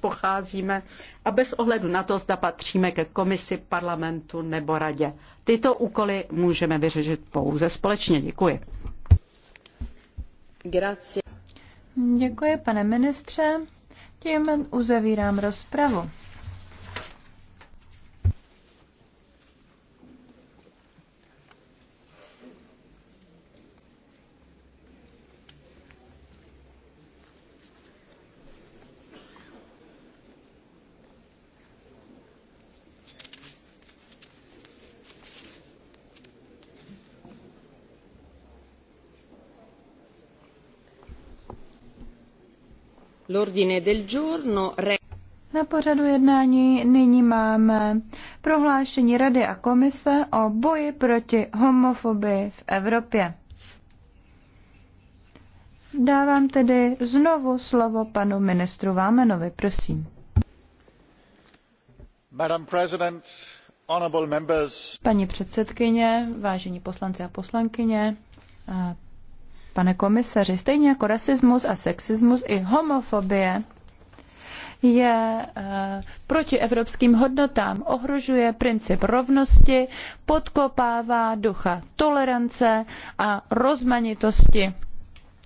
pocházíme a bez ohledu na to, zda patříme ke komisi, parlamentu nebo radě. Tyto úkoly můžeme vyřešit pouze společně. Děkuji. Grazie. Děkuji, pane ministře. Tím uzavírám rozpravu. Na pořadu jednání nyní máme prohlášení Rady a Komise o boji proti homofobii v Evropě. Dávám tedy znovu slovo panu ministru Vámenovi, prosím. Paní předsedkyně, vážení poslanci a poslankyně, pane komisaři. Stejně jako rasismus a sexismus, i homofobie je eh, proti evropským hodnotám, ohrožuje princip rovnosti, podkopává ducha tolerance a rozmanitosti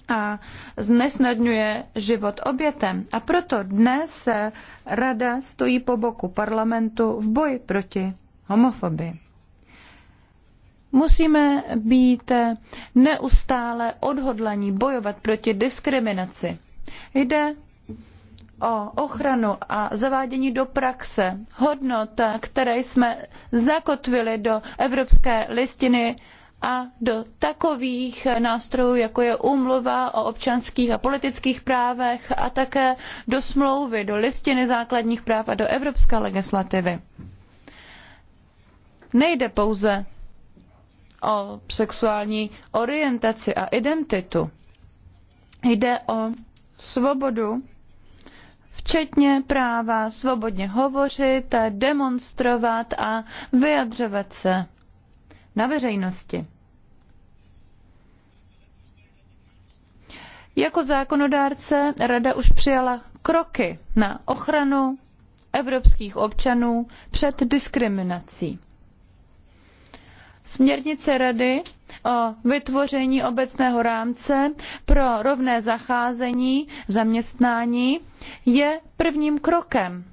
a znesnadňuje život obětem. A proto dnes Rada stojí po boku parlamentu v boji proti homofobii. Musíme být neustále odhodlaní bojovat proti diskriminaci. Jde o ochranu a zavádění do praxe hodnot, které jsme zakotvili do Evropské listiny a do takových nástrojů, jako je úmluva o občanských a politických právech a také do smlouvy, do listiny základních práv a do evropské legislativy. Nejde pouze o sexuální orientaci a identitu. Jde o svobodu, včetně práva svobodně hovořit, a demonstrovat a vyjadřovat se na veřejnosti. Jako zákonodárce Rada už přijala kroky na ochranu evropských občanů před diskriminací směrnice Rady o vytvoření obecného rámce pro rovné zacházení v zaměstnání je prvním krokem.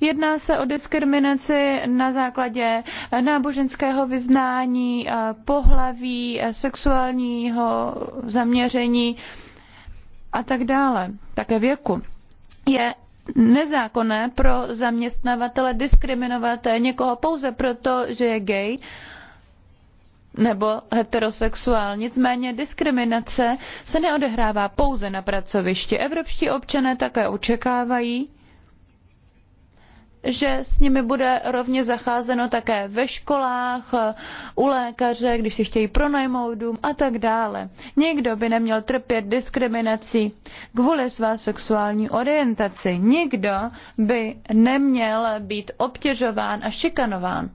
Jedná se o diskriminaci na základě náboženského vyznání, pohlaví, sexuálního zaměření a tak dále, také věku. Je nezákonné pro zaměstnavatele diskriminovat někoho pouze proto, že je gay nebo heterosexuál. Nicméně diskriminace se neodehrává pouze na pracovišti. Evropští občané také očekávají, že s nimi bude rovně zacházeno také ve školách, u lékaře, když si chtějí pronajmout dům a tak dále. Nikdo by neměl trpět diskriminací kvůli své sexuální orientaci. Nikdo by neměl být obtěžován a šikanován.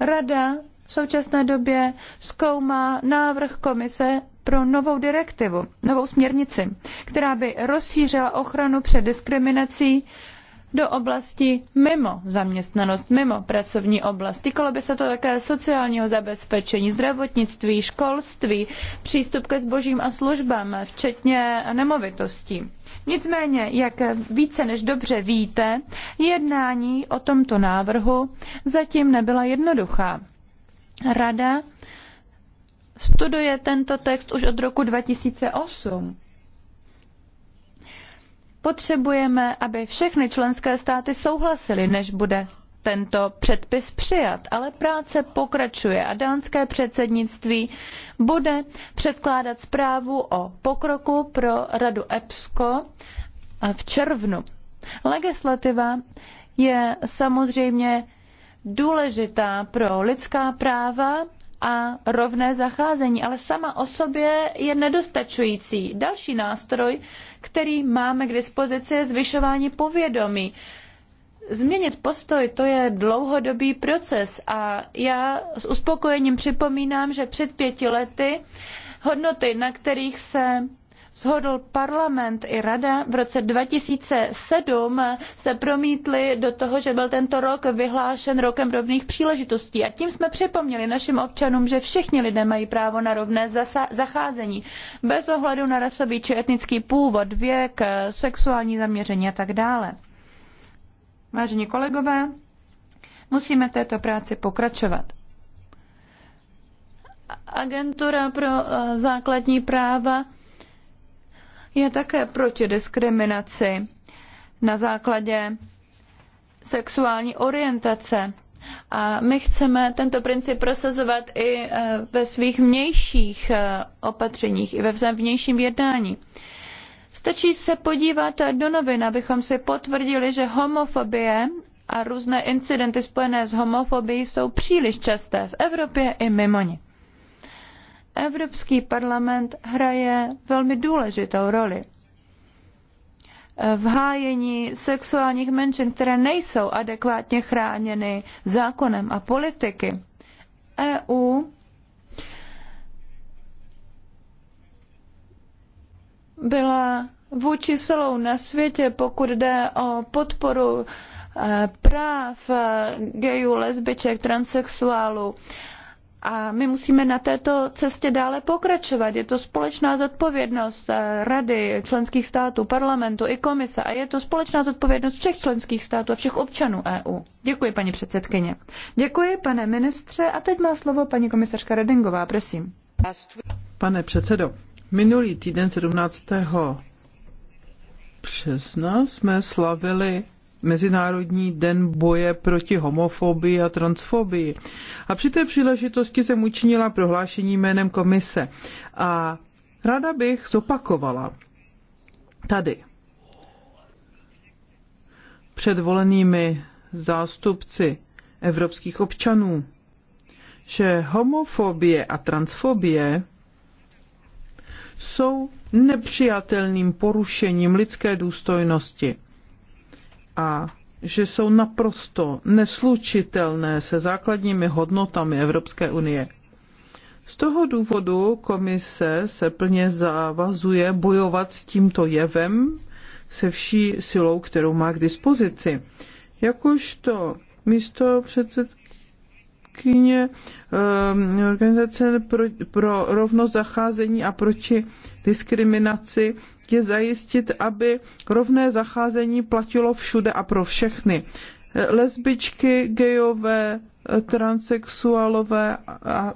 Rada v současné době zkoumá návrh komise pro novou direktivu, novou směrnici, která by rozšířila ochranu před diskriminací do oblasti mimo zaměstnanost, mimo pracovní oblast. Týkalo by se to také sociálního zabezpečení, zdravotnictví, školství, přístup ke zbožím a službám, včetně nemovitostí. Nicméně, jak více než dobře víte, jednání o tomto návrhu zatím nebyla jednoduchá. Rada studuje tento text už od roku 2008 Potřebujeme, aby všechny členské státy souhlasily, než bude tento předpis přijat, ale práce pokračuje a dánské předsednictví bude předkládat zprávu o pokroku pro Radu EPSCO v červnu. Legislativa je samozřejmě důležitá pro lidská práva a rovné zacházení, ale sama o sobě je nedostačující. Další nástroj který máme k dispozici, je zvyšování povědomí. Změnit postoj to je dlouhodobý proces a já s uspokojením připomínám, že před pěti lety hodnoty, na kterých se shodl parlament i rada v roce 2007, se promítly do toho, že byl tento rok vyhlášen rokem rovných příležitostí. A tím jsme připomněli našim občanům, že všichni lidé mají právo na rovné zacházení, bez ohledu na rasový či etnický původ, věk, sexuální zaměření a tak dále. Vážení kolegové, musíme v této práci pokračovat. Agentura pro eh, základní práva je také proti diskriminaci na základě sexuální orientace. A my chceme tento princip prosazovat i e, ve svých vnějších e, opatřeních, i ve svém vnějším jednání. Stačí se podívat do novin, abychom si potvrdili, že homofobie a různé incidenty spojené s homofobií jsou příliš časté v Evropě i mimo ně. Evropský parlament hraje velmi důležitou roli v hájení sexuálních menšin, které nejsou adekvátně chráněny zákonem a politiky. EU byla vůči silou na světě, pokud jde o podporu eh, práv eh, gayů, lesbiček, transsexuálů a my musíme na této cestě dále pokračovat. Je to společná zodpovědnost eh, Rady, členských států, parlamentu i komise a je to společná zodpovědnost všech členských států a všech občanů EU. Děkuji, paní předsedkyně. Děkuji, pane ministře. A teď má slovo paní komisařka Redingová, prosím. Pane předsedo, minulý týden 17. března jsme slavili Mezinárodní den boje proti homofobii a transfobii. A při té příležitosti jsem učinila prohlášení jménem komise. A ráda bych zopakovala tady před volenými zástupci evropských občanů, že homofobie a transfobie jsou nepřijatelným porušením lidské důstojnosti a že jsou naprosto neslučitelné se základními hodnotami Evropské unie. Z toho důvodu komise se plně zavazuje bojovat s tímto jevem se vší silou, kterou má k dispozici. Jakožto místo předsedky předsedkyně ehm, organizace pro, pro rovnost zacházení a proti diskriminaci je zajistit, aby rovné zacházení platilo všude a pro všechny. Eh, lesbičky, gejové, transexuálové a, e,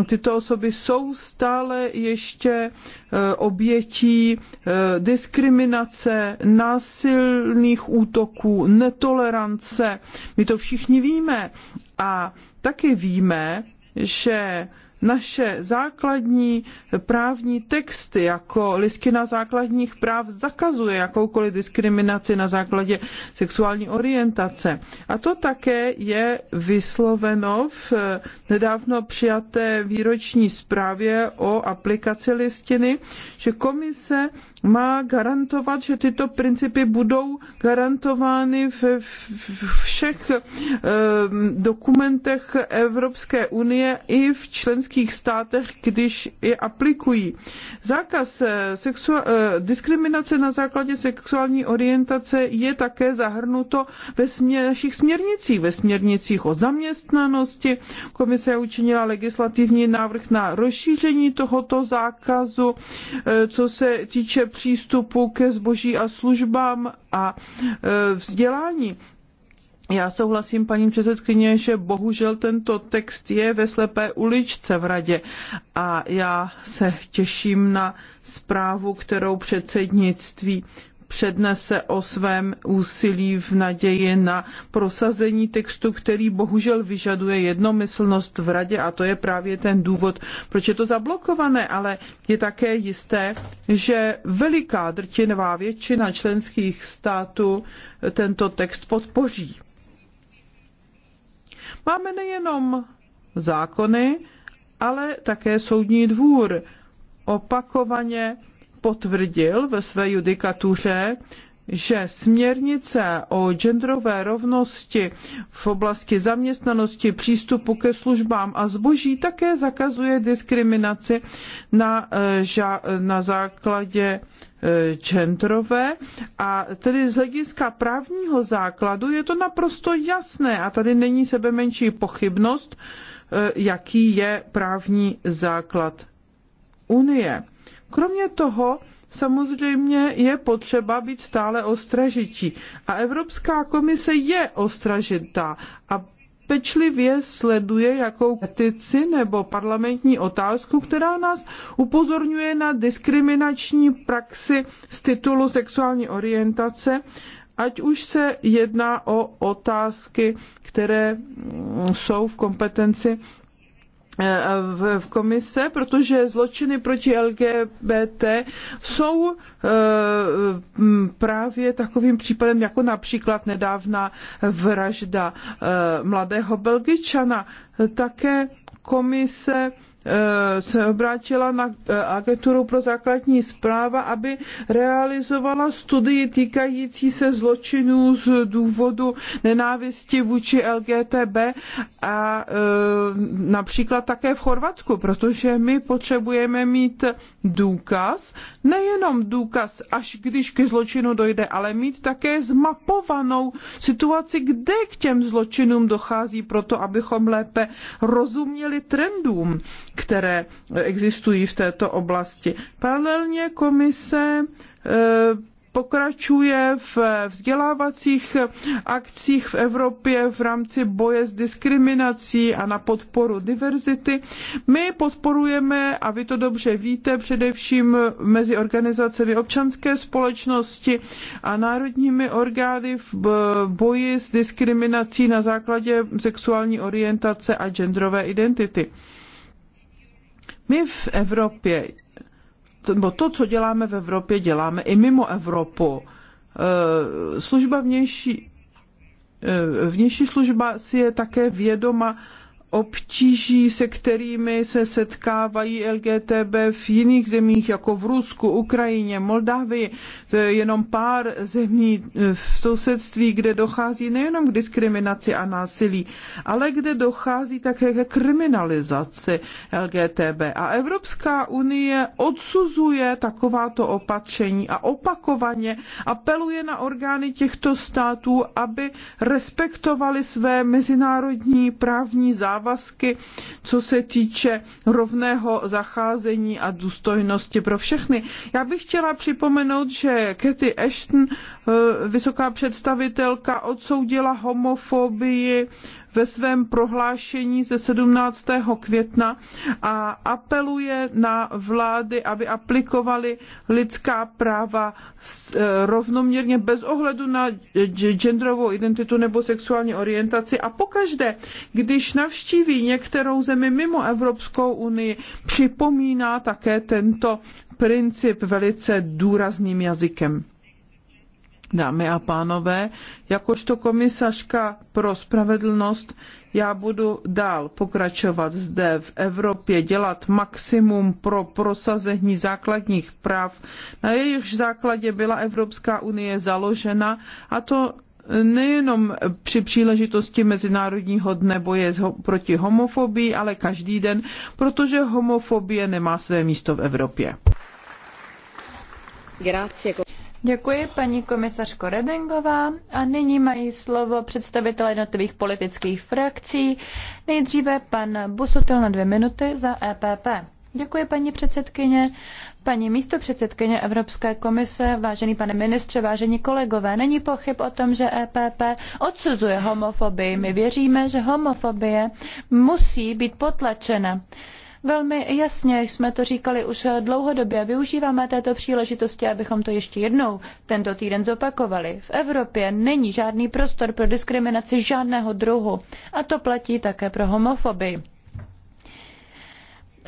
e, tyto osoby jsou stále ještě e, obětí diskriminace, násilných útoků, netolerance. My to všichni víme a taky víme, že naše základní právní texty, jako listina základních práv, zakazuje jakoukoliv diskriminaci na základě sexuální orientace. A to také je vysloveno v eh, nedávno přijaté výroční zprávě o aplikaci listiny, že komise má garantovat, že tyto principy budou garantovány ve všech eh, dokumentech Evropské unie i v členských státech, když je aplikují. Zákaz eh, eh, diskriminace na základě sexuální orientace je také zahrnuto ve směr, našich směrnicích, ve směrnicích o zaměstnanosti. Komise učinila legislativní návrh na rozšíření tohoto zákazu, co se týče přístupu ke zboží a službám a e, vzdělání. Já souhlasím, paní předsedkyně, že bohužel tento text je ve slepé uličce v radě a já se těším na zprávu, kterou předsednictví přednese o svém úsilí v naději na prosazení textu, který bohužel vyžaduje jednomyslnost v radě a to je právě ten důvod, proč je to zablokované, ale je také jisté, že veliká drtinová většina členských států tento text podpoří. Máme nejenom zákony, ale také soudní dvůr opakovaně potvrdil ve své judikatuře, že směrnice o genderové rovnosti v oblasti zaměstnanosti, přístupu ke službám a zboží také zakazuje diskriminaci na, eh, na základě eh, genderové a tedy z hlediska právního základu je to naprosto jasné a tady není sebe menší pochybnost, eh, jaký je právní základ Unie. Kromě toho, samozřejmě je potřeba být stále ostražití. A Evropská komise je ostražitá a pečlivě sleduje jakou petici nebo parlamentní otázku, která nás upozorňuje na diskriminační praxi z titulu sexuální orientace, ať už se jedná o otázky, které mm, jsou v kompetenci Eh, v komise, protože zločiny proti LGBT jsou eh, právě takovým případem, jako například nedávná vražda eh, mladého Belgičana. Také komise Eh, se obrátila na eh, agenturu pro základní zpráva, aby realizovala studii týkající se zločinů z důvodu nenávisti vůči LGTB a eh, například také v Chorvatsku, protože my potřebujeme mít důkaz, nejenom důkaz, až když ke zločinu dojde, ale mít také zmapovanou situaci, kde k těm zločinům dochází, proto abychom lépe rozuměli trendům které existují v této oblasti. Paralelně komise eh, pokračuje v vzdělávacích akcích v Evropě v rámci boje s diskriminací a na podporu diverzity. My podporujeme, a vy to dobře víte, především mezi organizacemi občanské společnosti a národními orgány v boji s diskriminací na základě sexuální orientace a genderové identity. My v Evropě, nebo to, co děláme v Evropě, děláme i mimo Evropu. E, služba vnější, e, vnější služba si je také vědoma obtíží, se kterými se setkávají LGTB v jiných zemích, jako v Rusku, Ukrajině, Moldavii. To je jenom pár zemí v sousedství, kde dochází nejenom k diskriminaci a násilí, ale kde dochází také ke kriminalizaci LGTB. A Evropská unie odsuzuje takováto opatření a opakovaně apeluje na orgány těchto států, aby respektovali své mezinárodní právní závazky závazky, co se týče rovného zacházení a důstojnosti pro všechny. Já bych chtěla připomenout, že Cathy Ashton, eh, vysoká představitelka, odsoudila homofobii ve svém prohlášení ze 17. května a apeluje na vlády, aby aplikovali lidská práva e, rovnoměrně bez ohledu na genderovou identitu nebo sexuální orientaci a pokaždé, když navštíví některou zemi mimo Evropskou unii, připomíná také tento princip velice důrazným jazykem. Dámy a pánové, jakožto komisařka pro spravedlnost, já budu dál pokračovat zde v Evropě, dělat maximum pro prosazení základních práv, na jejichž základě byla Evropská unie založena, a to nejenom při příležitosti Mezinárodního dne boje proti homofobii, ale každý den, protože homofobie nemá své místo v Evropě. Grazie. Děkuji paní komisařko Redingová a nyní mají slovo představitelé jednotlivých politických frakcí. Nejdříve pan Busutil na dvě minuty za EPP. Děkuji paní předsedkyně. Paní místo předsedkyně Evropské komise, vážený pane ministře, vážení kolegové, není pochyb o tom, že EPP odsuzuje homofobii. My věříme, že homofobie musí být potlačena. Velmi jasně jsme to říkali už dlouhodobě. Využíváme této příležitosti, abychom to ještě jednou tento týden zopakovali. V Evropě není žádný prostor pro diskriminaci žádného druhu. A to platí také pro homofobii.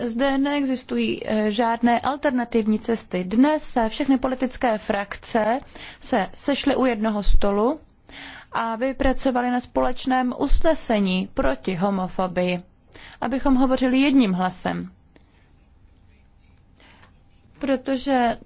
Zde neexistují eh, žádné alternativní cesty. Dnes se všechny politické frakce se sešly u jednoho stolu a vypracovali na společném usnesení proti homofobii abychom hovořili jedním hlasem. Protože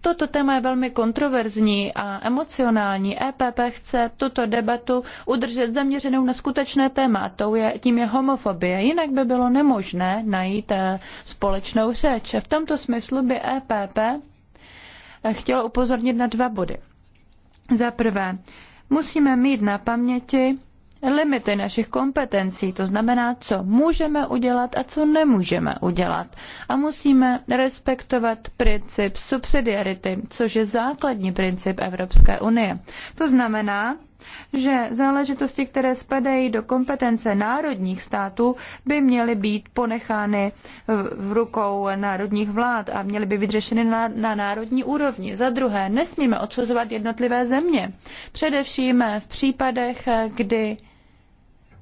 Toto téma je velmi kontroverzní a emocionální. EPP chce tuto debatu udržet zaměřenou na skutečné téma, a je, tím je homofobie. Jinak by bylo nemožné najít eh, společnou řeč. V tomto smyslu by EPP eh, chtělo upozornit na dva body. Za prvé, musíme mít na paměti limity našich kompetencí, to znamená, co můžeme udělat a co nemůžeme udělat. A musíme respektovat princip subsidiarity, což je základní princip Evropské unie. To znamená, že záležitosti, které spadají do kompetence národních států, by měly být ponechány v rukou národních vlád a měly by být řešeny na, na národní úrovni. Za druhé, nesmíme odsuzovat jednotlivé země, především v případech, kdy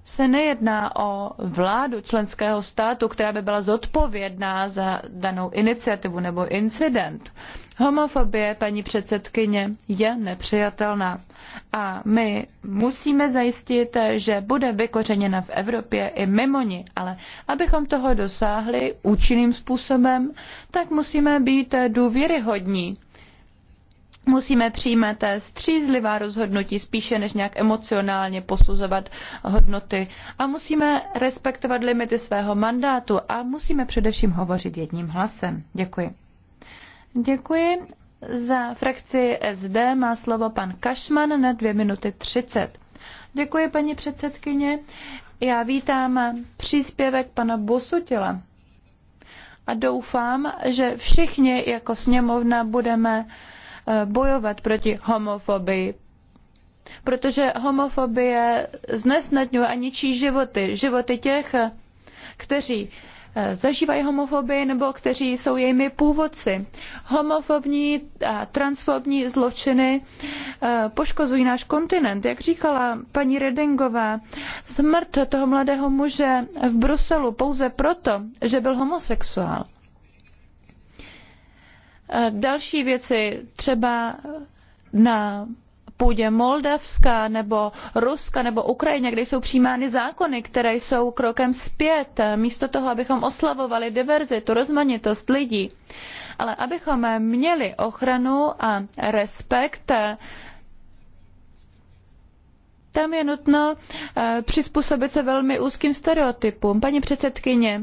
se nejedná o vládu členského státu, která by byla zodpovědná za danou iniciativu nebo incident. Homofobie, paní předsedkyně, je nepřijatelná. A my musíme zajistit, že bude vykořeněna v Evropě i mimo ní. Ale abychom toho dosáhli účinným způsobem, tak musíme být důvěryhodní musíme přijímat střízlivá rozhodnutí spíše než nějak emocionálně posuzovat hodnoty a musíme respektovat limity svého mandátu a musíme především hovořit jedním hlasem. Děkuji. Děkuji. Za frakci SD má slovo pan Kašman na dvě minuty třicet. Děkuji, paní předsedkyně. Já vítám příspěvek pana Bosutila a doufám, že všichni jako sněmovna budeme Eh, bojovat proti homofobii, protože homofobie znesnadňuje a ničí životy, životy těch, kteří eh, zažívají homofobii nebo kteří jsou jejími původci. Homofobní a transfobní zločiny eh, poškozují náš kontinent. Jak říkala paní Redingová, smrt toho mladého muže v Bruselu pouze proto, že byl homosexuál další věci, třeba na půdě Moldavska nebo Ruska nebo Ukrajině, kde jsou přijímány zákony, které jsou krokem zpět, místo toho, abychom oslavovali diverzitu, rozmanitost lidí. Ale abychom měli ochranu a respekt, tam je nutno eh, přizpůsobit se velmi úzkým stereotypům. Paní předsedkyně,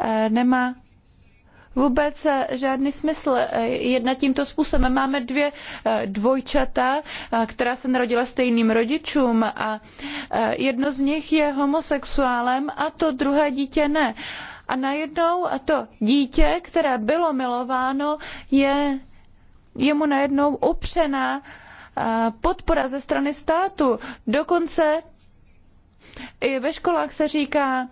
eh, nemá vůbec eh, žádný smysl eh, jednat tímto způsobem. Máme dvě eh, dvojčata, která se narodila stejným rodičům a jedno z nich je homosexuálem a to druhé dítě ne. A najednou a to dítě, které bylo milováno, je jemu najednou upřená podpora ze strany státu. Dokonce i ve školách se říká,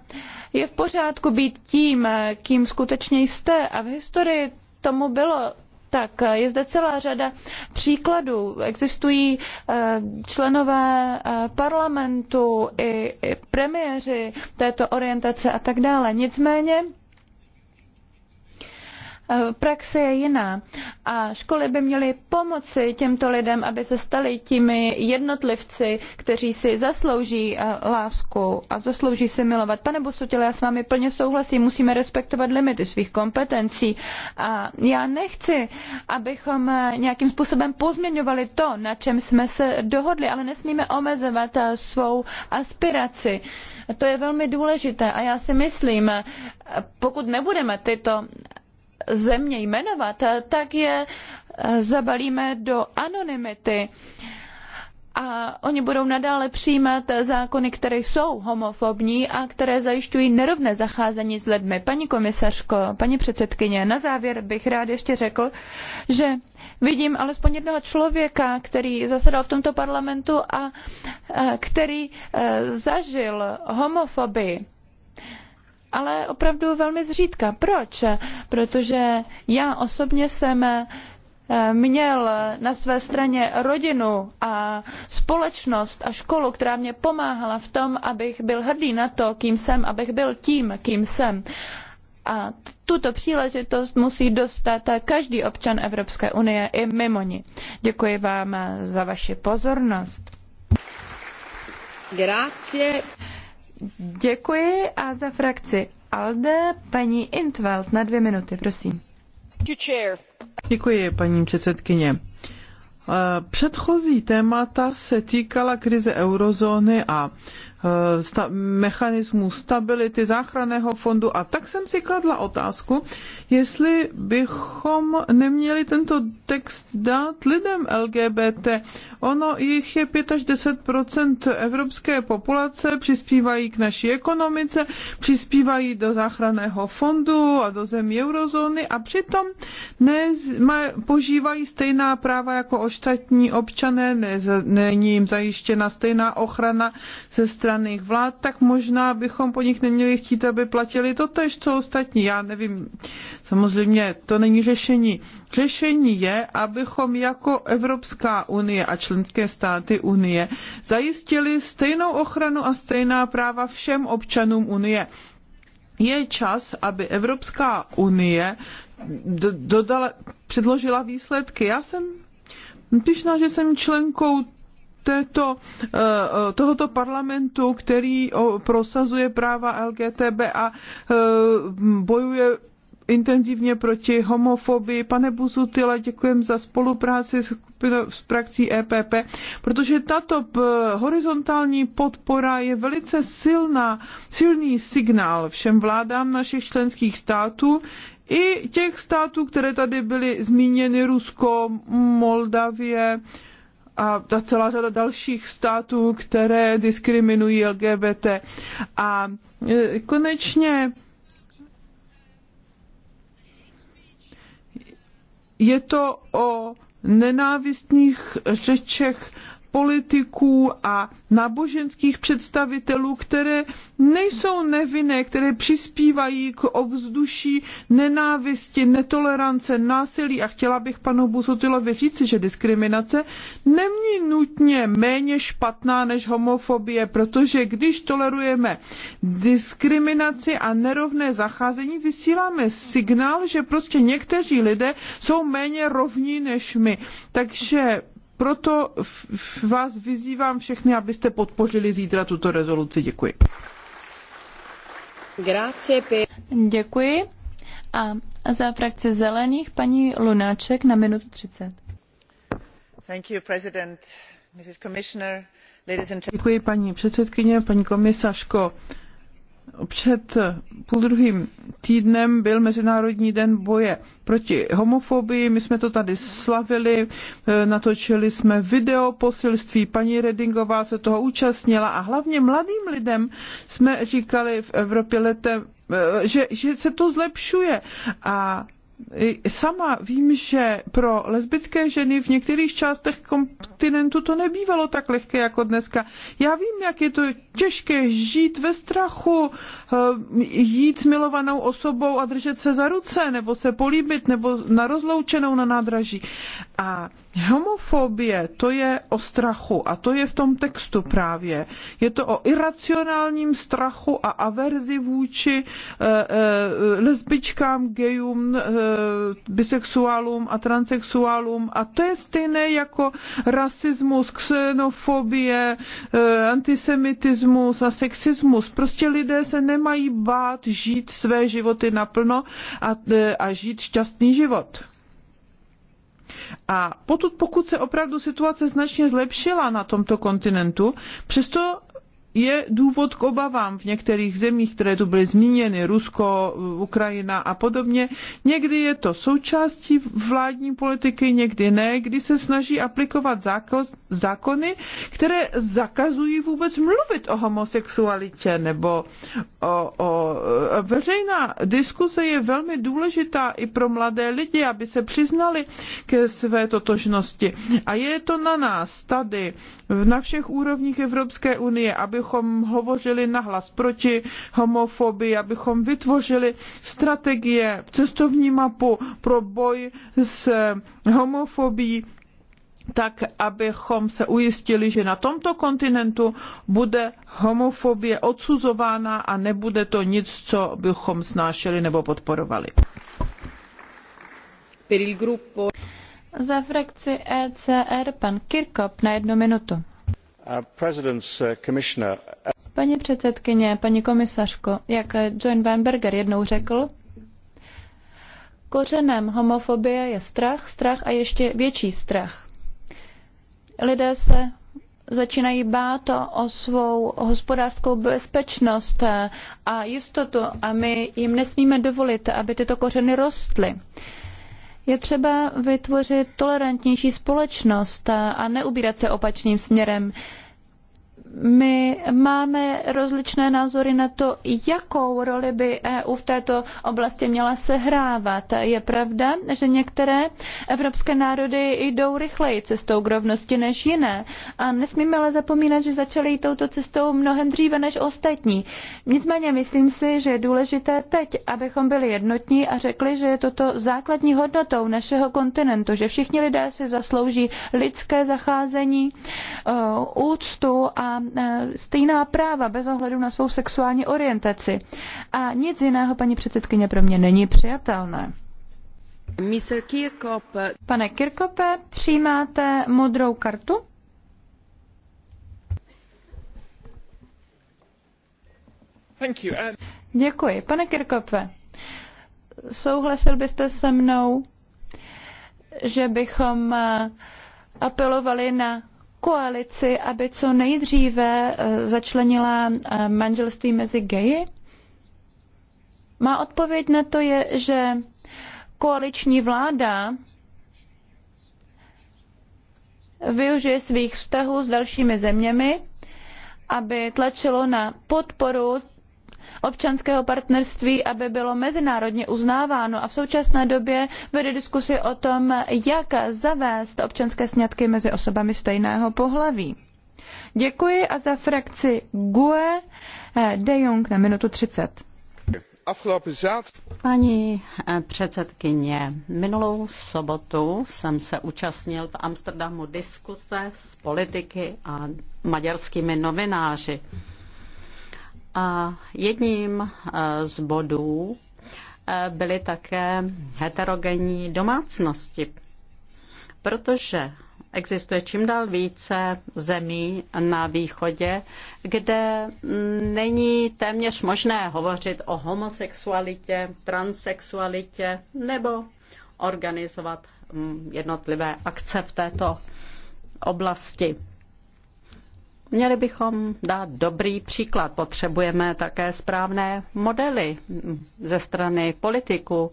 je v pořádku být tím, kým skutečně jste. A v historii tomu bylo tak je zde celá řada příkladů. Existují eh, členové eh, parlamentu i premiéři této orientace a tak dále. Nicméně Eh, praxe je jiná a školy by měly pomoci těmto lidem, aby se stali těmi jednotlivci, kteří si zaslouží eh, lásku a zaslouží si milovat. Pane Busutile, já s vámi plně souhlasím, musíme respektovat limity svých kompetencí a já nechci, abychom eh, nějakým způsobem pozměňovali to, na čem jsme se dohodli, ale nesmíme omezovat svou aspiraci. To je velmi důležité a já si myslím, pokud nebudeme tyto země jmenovat, tak je eh, zabalíme do anonymity a oni budou nadále přijímat zákony, které jsou homofobní a které zajišťují nerovné zacházení s lidmi. Paní komisařko, paní předsedkyně, na závěr bych rád ještě řekl, že vidím alespoň jednoho člověka, který zasedal v tomto parlamentu a eh, který eh, zažil homofobii ale opravdu velmi zřídka. Proč? Protože já osobně jsem eh, měl na své straně rodinu a společnost a školu, která mě pomáhala v tom, abych byl hrdý na to, kým jsem, abych byl tím, kým jsem. A tuto příležitost musí dostat každý občan Evropské unie i mimo ni. Děkuji vám za vaši pozornost. Grazie. Děkuji a za frakci ALDE paní Intveld na dvě minuty, prosím. Děkuji, paní předsedkyně. Eh, předchozí témata se týkala krize eurozóny a Eh, sta, mechanismu stability, záchranného fondu. A tak jsem si kladla otázku, jestli bychom neměli tento text dát lidem LGBT. Ono jich je 5 až 10 evropské populace, přispívají k naší ekonomice, přispívají do záchranného fondu a do zemí eurozóny a přitom ne, požívají stejná práva jako ostatní občané, ne, není jim zajištěna stejná ochrana ze strany jednostranných vlád, tak možná bychom po nich neměli chtít, aby platili to tež, co ostatní. Já nevím, samozřejmě to není řešení. Řešení je, abychom jako Evropská unie a členské státy unie zajistili stejnou ochranu a stejná práva všem občanům unie. Je čas, aby Evropská unie dodala, předložila výsledky. Já jsem Pišná, že jsem členkou této, eh, eh, tohoto parlamentu, který prosazuje práva LGTB a eh, bojuje intenzivně proti homofobii. Pane Buzutila děkujem za spolupráci s, s praxí EPP, protože tato horizontální podpora je velice silná, silný signál všem vládám našich členských států, i těch států, které tady byly zmíněny, Rusko, Moldavie, a celá řada dalších států, které diskriminují LGBT. A e, konečně je to o nenávistných řečech politiků a náboženských představitelů, které nejsou nevinné, které přispívají k ovzduší nenávisti, netolerance, násilí. A chtěla bych panu Busutilovi říci, že diskriminace není nutně méně špatná než homofobie, protože když tolerujeme diskriminaci a nerovné zacházení, vysíláme signál, že prostě někteří lidé jsou méně rovní než my. Takže proto vás vyzývám všechny, abyste podpořili zítra tuto rezoluci. Děkuji. Děkuji. A za frakci zelených paní Lunáček na minutu 30. Thank you, President, Mrs. Commissioner, ladies and... Děkuji paní předsedkyně, paní komisařko před půl druhým týdnem byl Mezinárodní den boje proti homofobii. My jsme to tady slavili, e, natočili jsme video posilství, paní Redingová se toho účastnila a hlavně mladým lidem jsme říkali v Evropě letem, e, že, že se to zlepšuje a Sama vím, že pro lesbické ženy v některých částech kontinentu to nebývalo tak lehké jako dneska. Já vím, jak je to těžké žít ve strachu, eh, jít s milovanou osobou a držet se za ruce, nebo se políbit, nebo na rozloučenou na nádraží. A homofobie, to je o strachu a to je v tom textu právě. Je to o iracionálním strachu a averzi vůči eh, eh, lesbičkám, gejům, eh, bisexuálům a transexuálům a to je stejné jako rasismus, xenofobie, antisemitismus a sexismus. Prostě lidé se nemají bát žít své životy naplno a, a žít šťastný život. A potud, pokud se opravdu situace značně zlepšila na tomto kontinentu, přesto je důvod k obavám v některých zemích, které tu byly zmíněny, Rusko, Ukrajina a podobně. Někdy je to součástí vládní politiky, někdy ne, kdy se snaží aplikovat zákaz, zákony, které zakazují vůbec mluvit o homosexualitě nebo o, o veřejná diskuse je velmi důležitá i pro mladé lidi, aby se přiznali ke své totožnosti. A je to na nás tady, na všech úrovních Evropské unie, aby abychom hovořili nahlas proti homofobii, abychom vytvořili strategie, cestovní mapu pro boj s homofobií, tak abychom se ujistili, že na tomto kontinentu bude homofobie odsuzována a nebude to nic, co bychom snášeli nebo podporovali. Za frakci ECR pan Kirkop na jednu minutu. Uh, uh, uh, paní předsedkyně, paní komisařko, jak John Weinberger jednou řekl, kořenem homofobie je strach, strach a ještě větší strach. Lidé se začínají bát o svou hospodářskou bezpečnost a jistotu a my jim nesmíme dovolit, aby tyto kořeny rostly. Je třeba vytvořit tolerantnější společnost a neubírat se opačným směrem my máme rozličné názory na to, jakou roli by EU v této oblasti měla sehrávat. Je pravda, že některé evropské národy jdou rychleji cestou k rovnosti než jiné. A nesmíme ale zapomínat, že začaly jít touto cestou mnohem dříve než ostatní. Nicméně myslím si, že je důležité teď, abychom byli jednotní a řekli, že je toto základní hodnotou našeho kontinentu, že všichni lidé si zaslouží lidské zacházení, eh, úctu a E, stejná práva bez ohledu na svou sexuální orientaci. A nic jiného, paní předsedkyně, pro mě není přijatelné. E, Pane Kirkope, přijímáte modrou kartu? Děkuji. Pane Kirkope, souhlasil byste se mnou, že bychom e, apelovali na koalici, aby co nejdříve eh, začlenila eh, manželství mezi geji? Má odpověď na to je, že koaliční vláda využije svých vztahů s dalšími zeměmi, aby tlačilo na podporu občanského partnerství, aby bylo mezinárodně uznáváno a v současné době vede diskusi o tom, jak zavést občanské sňatky mezi osobami stejného pohlaví. Děkuji a za frakci GUE eh, De Jong na minutu 30. Paní eh, předsedkyně, minulou sobotu jsem se účastnil v Amsterdamu diskuse s politiky a maďarskými novináři. A jedním eh, z bodů eh, byly také heterogenní domácnosti, protože existuje čím dál více zemí na východě, kde není téměř možné hovořit o homosexualitě, transexualitě nebo organizovat mm, jednotlivé akce v této oblasti. Měli bychom dát dobrý příklad. Potřebujeme také správné modely ze strany politiků,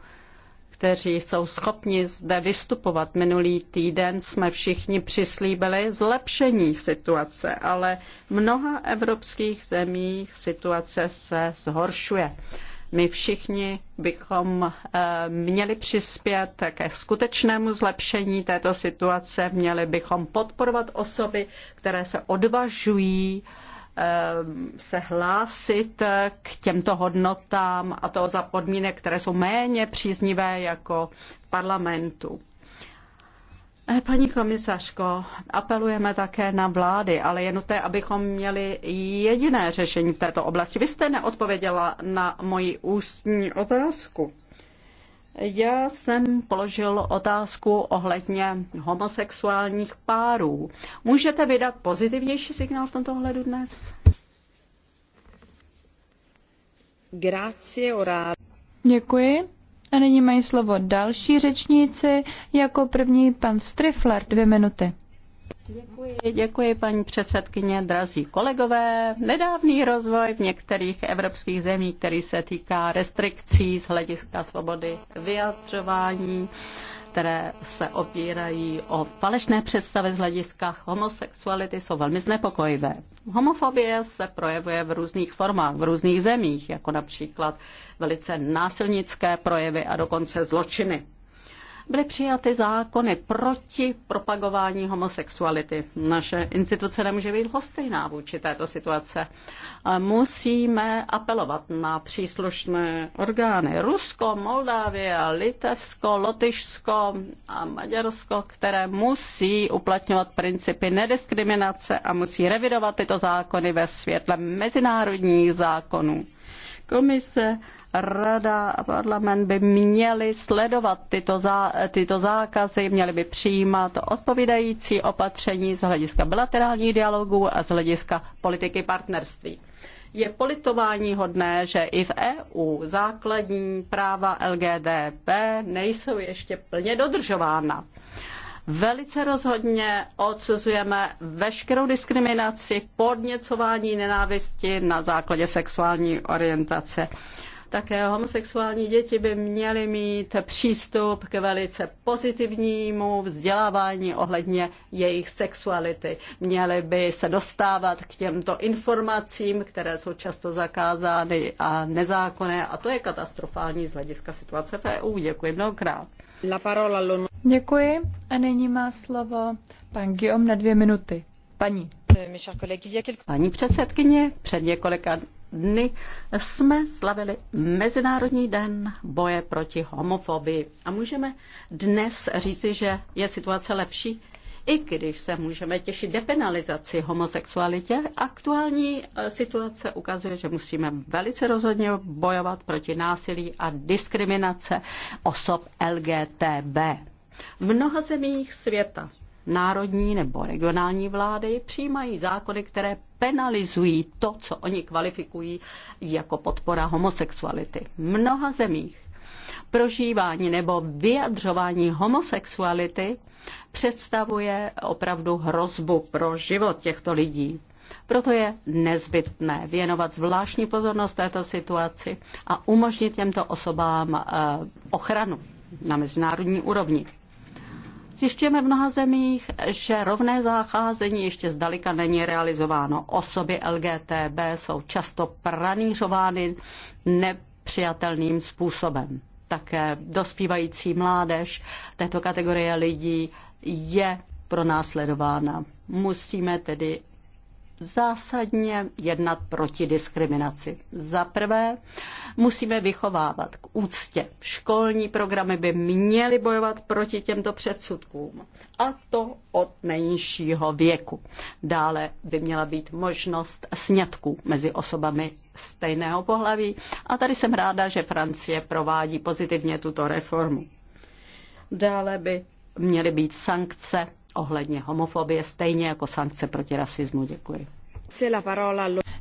kteří jsou schopni zde vystupovat. Minulý týden jsme všichni přislíbili zlepšení situace, ale v mnoha evropských zemích situace se zhoršuje. My všichni bychom eh, měli přispět ke skutečnému zlepšení této situace, měli bychom podporovat osoby, které se odvažují eh, se hlásit eh, k těmto hodnotám a to za podmínek, které jsou méně příznivé jako v parlamentu. Eh, paní komisařko, apelujeme také na vlády, ale je nutné, abychom měli jediné řešení v této oblasti. Vy jste neodpověděla na moji ústní otázku. Já jsem položil otázku ohledně homosexuálních párů. Můžete vydat pozitivnější signál v tomto ohledu dnes? Grazie orale. Děkuji. A nyní mají slovo další řečníci, jako první pan Strifler, dvě minuty. Děkuji, děkuji paní předsedkyně, drazí kolegové. Nedávný rozvoj v některých evropských zemích, který se týká restrikcí z hlediska svobody vyjadřování, které se opírají o falešné představy z hlediska homosexuality, jsou velmi znepokojivé. Homofobie se projevuje v různých formách, v různých zemích, jako například velice násilnické projevy a dokonce zločiny byly přijaty zákony proti propagování homosexuality. Naše instituce nemůže být hostejná vůči této situace. Musíme apelovat na příslušné orgány Rusko, Moldávie, Litevsko, Lotyšsko a Maďarsko, které musí uplatňovat principy nediskriminace a musí revidovat tyto zákony ve světle mezinárodních zákonů. Komise Rada a parlament by měly sledovat tyto, zá, tyto zákazy, měly by přijímat odpovídající opatření z hlediska bilaterálních dialogů a z hlediska politiky partnerství. Je politování hodné, že i v EU základní práva LGDP nejsou ještě plně dodržována. Velice rozhodně odsuzujeme veškerou diskriminaci, podněcování nenávisti na základě sexuální orientace. Také homosexuální děti by měly mít přístup k velice pozitivnímu vzdělávání ohledně jejich sexuality. Měly by se dostávat k těmto informacím, které jsou často zakázány a nezákonné a to je katastrofální z hlediska situace v EU. Děkuji mnohokrát. La parola Děkuji a nyní má slovo pan Guillaume na dvě minuty. Paní. Eh, Paní předsedkyně, před několika dny jsme slavili Mezinárodní den boje proti homofobii. A můžeme dnes říci, že je situace lepší? I když se můžeme těšit depenalizaci homosexualitě, aktuální e, situace ukazuje, že musíme velice rozhodně bojovat proti násilí a diskriminace osob LGTB. V mnoha zemích světa národní nebo regionální vlády přijímají zákony, které penalizují to, co oni kvalifikují jako podpora homosexuality. V mnoha zemích prožívání nebo vyjadřování homosexuality představuje opravdu hrozbu pro život těchto lidí. Proto je nezbytné věnovat zvláštní pozornost této situaci a umožnit těmto osobám eh, ochranu na mezinárodní úrovni. Zjišťujeme v mnoha zemích, že rovné zacházení ještě zdaleka není realizováno. Osoby LGTB jsou často pranířovány nepřijatelným způsobem. Také dospívající mládež této kategorie lidí je pronásledována. Musíme tedy zásadně jednat proti diskriminaci. Za prvé, musíme vychovávat k úctě. Školní programy by měly bojovat proti těmto předsudkům. A to od nejnižšího věku. Dále by měla být možnost snědků mezi osobami stejného pohlaví. A tady jsem ráda, že Francie provádí pozitivně tuto reformu. Dále by měly být sankce ohledně homofobie, stejně jako sankce proti rasismu. Děkuji.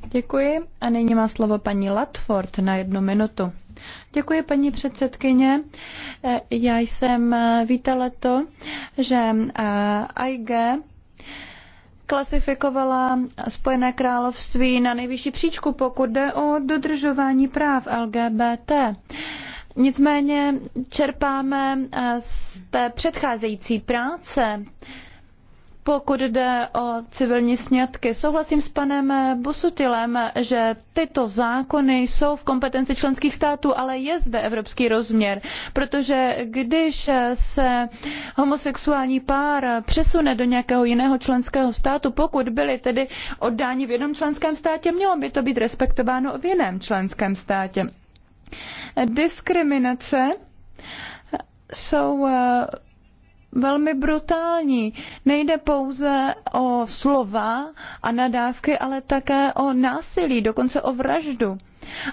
Děkuji a nyní má slovo paní Latford na jednu minutu. Děkuji, paní předsedkyně. E, já jsem e, vítala to, že e, IG klasifikovala Spojené království na nejvyšší příčku, pokud jde o dodržování práv LGBT. Nicméně čerpáme eh, z té předcházející práce, pokud jde o civilní sňatky, souhlasím s panem eh, Busutilem, že tyto zákony jsou v kompetenci členských států, ale je zde evropský rozměr, protože když eh, se homosexuální pár přesune do nějakého jiného členského státu, pokud byli tedy oddáni v jednom členském státě, mělo by to být respektováno v jiném členském státě diskriminace jsou eh, velmi brutální. Nejde pouze o slova a nadávky, ale také o násilí, dokonce o vraždu.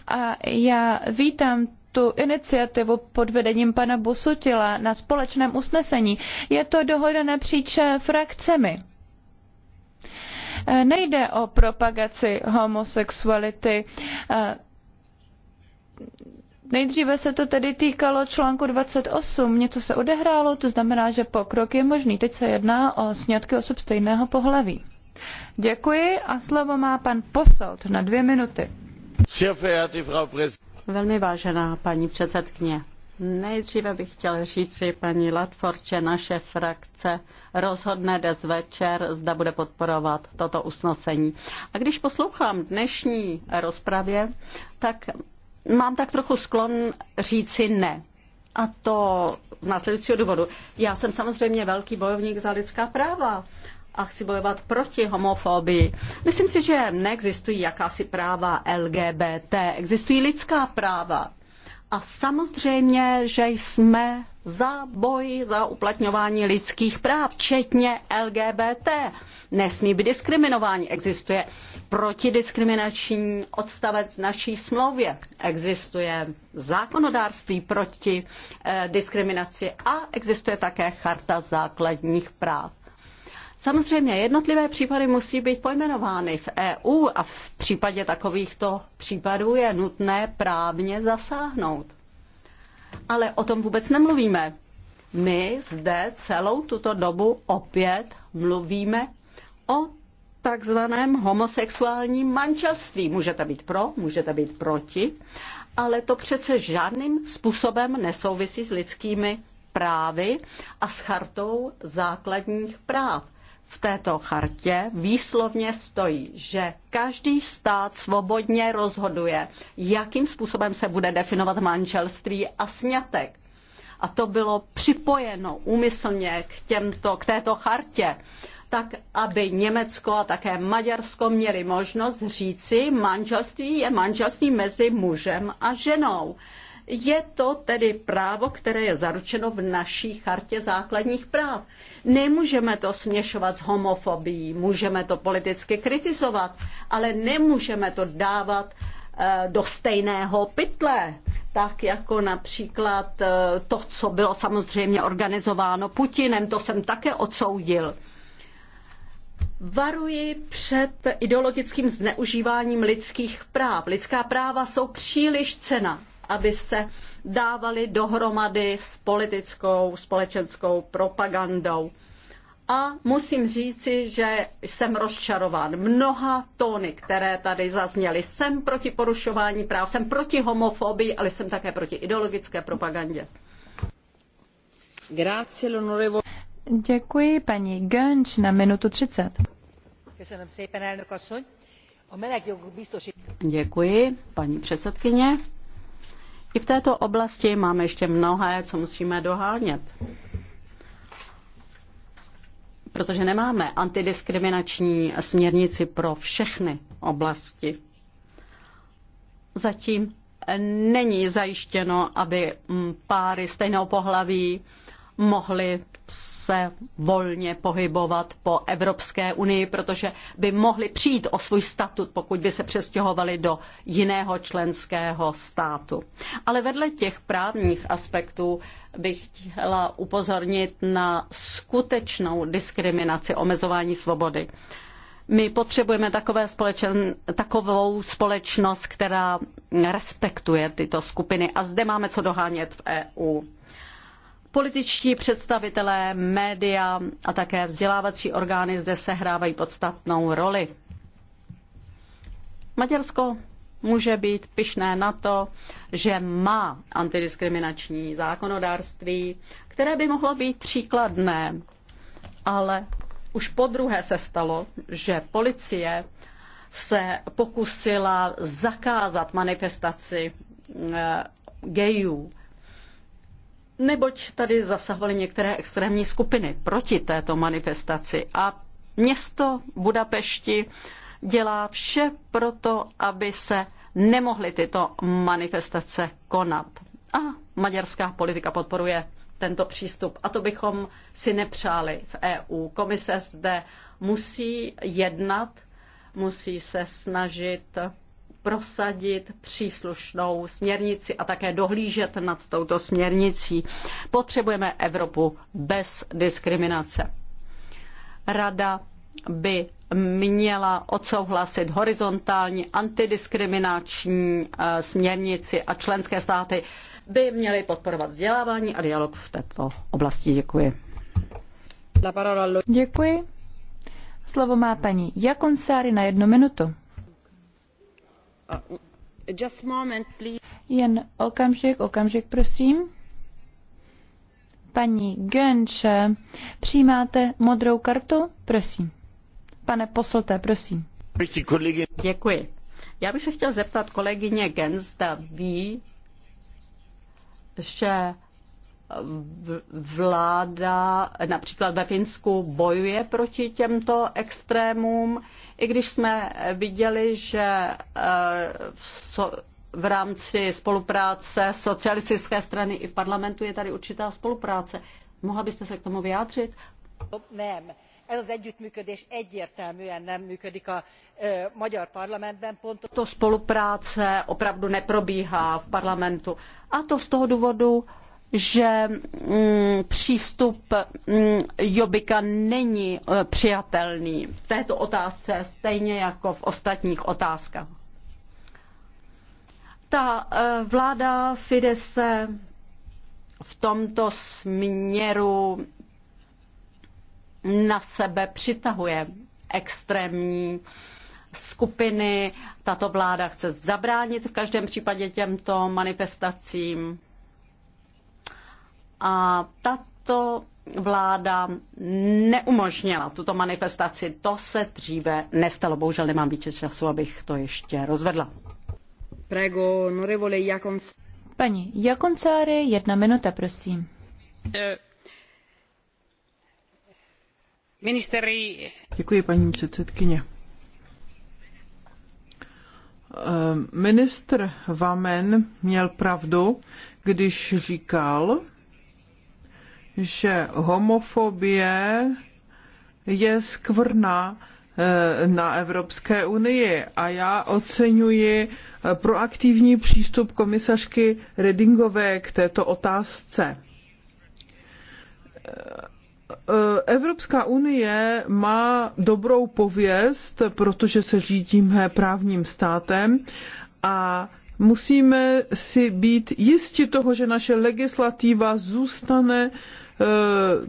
A já vítám tu iniciativu pod vedením pana Busutila na společném usnesení. Je to dohoda napříč frakcemi. Eh, nejde o propagaci homosexuality, eh, Nejdříve se to tedy týkalo článku 28. Něco se odehrálo, to znamená, že pokrok je možný. Teď se jedná o sňatky osob stejného pohlaví. Děkuji a slovo má pan Posolt na dvě minuty. Velmi vážená paní předsedkyně, nejdříve bych chtěl říct si paní Latford, že naše frakce rozhodne dnes večer, zda bude podporovat toto usnesení. A když poslouchám dnešní rozpravě, tak mám tak trochu sklon říci ne. A to z následujícího důvodu. Já jsem samozřejmě velký bojovník za lidská práva a chci bojovat proti homofobii. Myslím si, že neexistují jakási práva LGBT, existují lidská práva. A samozřejmě, že jsme za boj za uplatňování lidských práv, včetně LGBT. Nesmí být diskriminování. Existuje protidiskriminační odstavec v naší smlouvě. Existuje zákonodárství proti eh, diskriminaci a existuje také charta základních práv. Samozřejmě jednotlivé případy musí být pojmenovány v EU a v případě takovýchto případů je nutné právně zasáhnout. Ale o tom vůbec nemluvíme. My zde celou tuto dobu opět mluvíme o takzvaném homosexuálním manželství. Můžete být pro, můžete být proti, ale to přece žádným způsobem nesouvisí s lidskými právy a s chartou základních práv v této chartě výslovně stojí, že každý stát svobodně rozhoduje, jakým způsobem se bude definovat manželství a sňatek. A to bylo připojeno úmyslně k, těmto, k této chartě tak, aby Německo a také Maďarsko měli možnost říci, manželství je manželství mezi mužem a ženou. Je to tedy právo, které je zaručeno v naší chartě základních práv. Nemůžeme to směšovat s homofobií, můžeme to politicky kritizovat, ale nemůžeme to dávat eh, do stejného pytle, tak jako například eh, to, co bylo samozřejmě organizováno Putinem, to jsem také odsoudil. Varuji před ideologickým zneužíváním lidských práv. Lidská práva jsou příliš cena aby se dávaly dohromady s politickou, společenskou propagandou. A musím říci, že jsem rozčarován mnoha tóny, které tady zazněly. Jsem proti porušování práv, jsem proti homofobii, ale jsem také proti ideologické propagandě. Děkuji paní Gönč na minutu 30. Děkuji, paní předsedkyně. I v této oblasti máme ještě mnohé, co musíme dohánět. Protože nemáme antidiskriminační směrnici pro všechny oblasti. Zatím není zajištěno, aby páry stejného pohlaví mohli se volně pohybovat po Evropské unii, protože by mohli přijít o svůj statut, pokud by se přestěhovali do jiného členského státu. Ale vedle těch právních aspektů bych chtěla upozornit na skutečnou diskriminaci, omezování svobody. My potřebujeme takové společen, takovou společnost, která respektuje tyto skupiny a zde máme co dohánět v EU. Političtí představitelé, média a také vzdělávací orgány zde sehrávají podstatnou roli. Maďarsko může být pyšné na to, že má antidiskriminační zákonodárství, které by mohlo být příkladné, ale už po druhé se stalo, že policie se pokusila zakázat manifestaci eh, gejů neboť tady zasahovaly některé extrémní skupiny proti této manifestaci a město Budapešti dělá vše proto, aby se nemohly tyto manifestace konat. A maďarská politika podporuje tento přístup. A to bychom si nepřáli v EU. Komise zde musí jednat, musí se snažit prosadit příslušnou směrnici a také dohlížet nad touto směrnicí. Potřebujeme Evropu bez diskriminace. Rada by měla odsouhlasit horizontální antidiskriminační eh, směrnici a členské státy by měly podporovat vzdělávání a dialog v této oblasti. Děkuji. Děkuji. Slovo má paní Jakonsáry na jednu minutu. Uh, just moment, please. Jen okamžik, okamžik, prosím. Paní Gönč, přijímáte modrou kartu? Prosím. Pane poslte, prosím. Děkuji. Já bych se chtěl zeptat kolegyně Gens, zda ví, že vláda například ve Finsku bojuje proti těmto extrémům, i když jsme viděli, že eh, v rámci spolupráce socialistické strany i v parlamentu je tady určitá spolupráce. Mohla byste se k tomu vyjádřit? Ne. Ez az együttműködés egyértelműen nem működik a magyar parlamentben. Pont... To spolupráce opravdu neprobíhá v parlamentu. A to z toho důvodu, že mm, přístup mm, Jobika není e, přijatelný v této otázce, stejně jako v ostatních otázkách. Ta e, vláda Fidese v tomto směru na sebe přitahuje extrémní skupiny. Tato vláda chce zabránit v každém případě těmto manifestacím a tato vláda neumožnila tuto manifestaci. To se dříve nestalo. Bohužel nemám více času, abych to ještě rozvedla. Prego, onorevole Jakons. Paní Jakoncáry, jedna minuta, prosím. Ministeri... Děkuji, paní předsedkyně. Eh, ministr Vamen měl pravdu, když říkal, že homofobie je skvrna eh, na Evropské unii a já oceňuji eh, proaktivní přístup komisařky Redingové k této otázce. Eh, Evropská unie má dobrou pověst, protože se řídíme právním státem a musíme si být jisti toho, že naše legislativa zůstane Eh,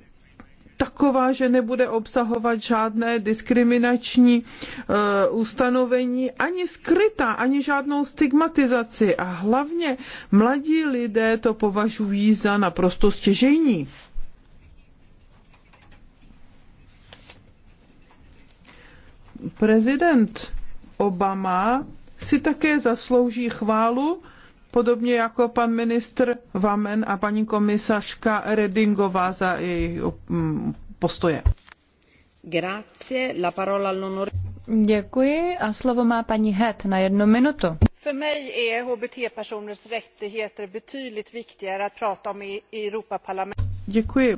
taková, že nebude obsahovat žádné diskriminační eh, ustanovení, ani skrytá, ani žádnou stigmatizaci. A hlavně mladí lidé to považují za naprosto stěžejní. Prezident Obama si také zaslouží chválu podobně jako pan ministr Vamen a paní komisařka Redingová za její mm, postoje. Grazie, la parola Děkuji a slovo má paní Het na jednu minutu. För mig är hbt-personers rättigheter betydligt viktigare att prata om i Europaparlamentet. Děkuji.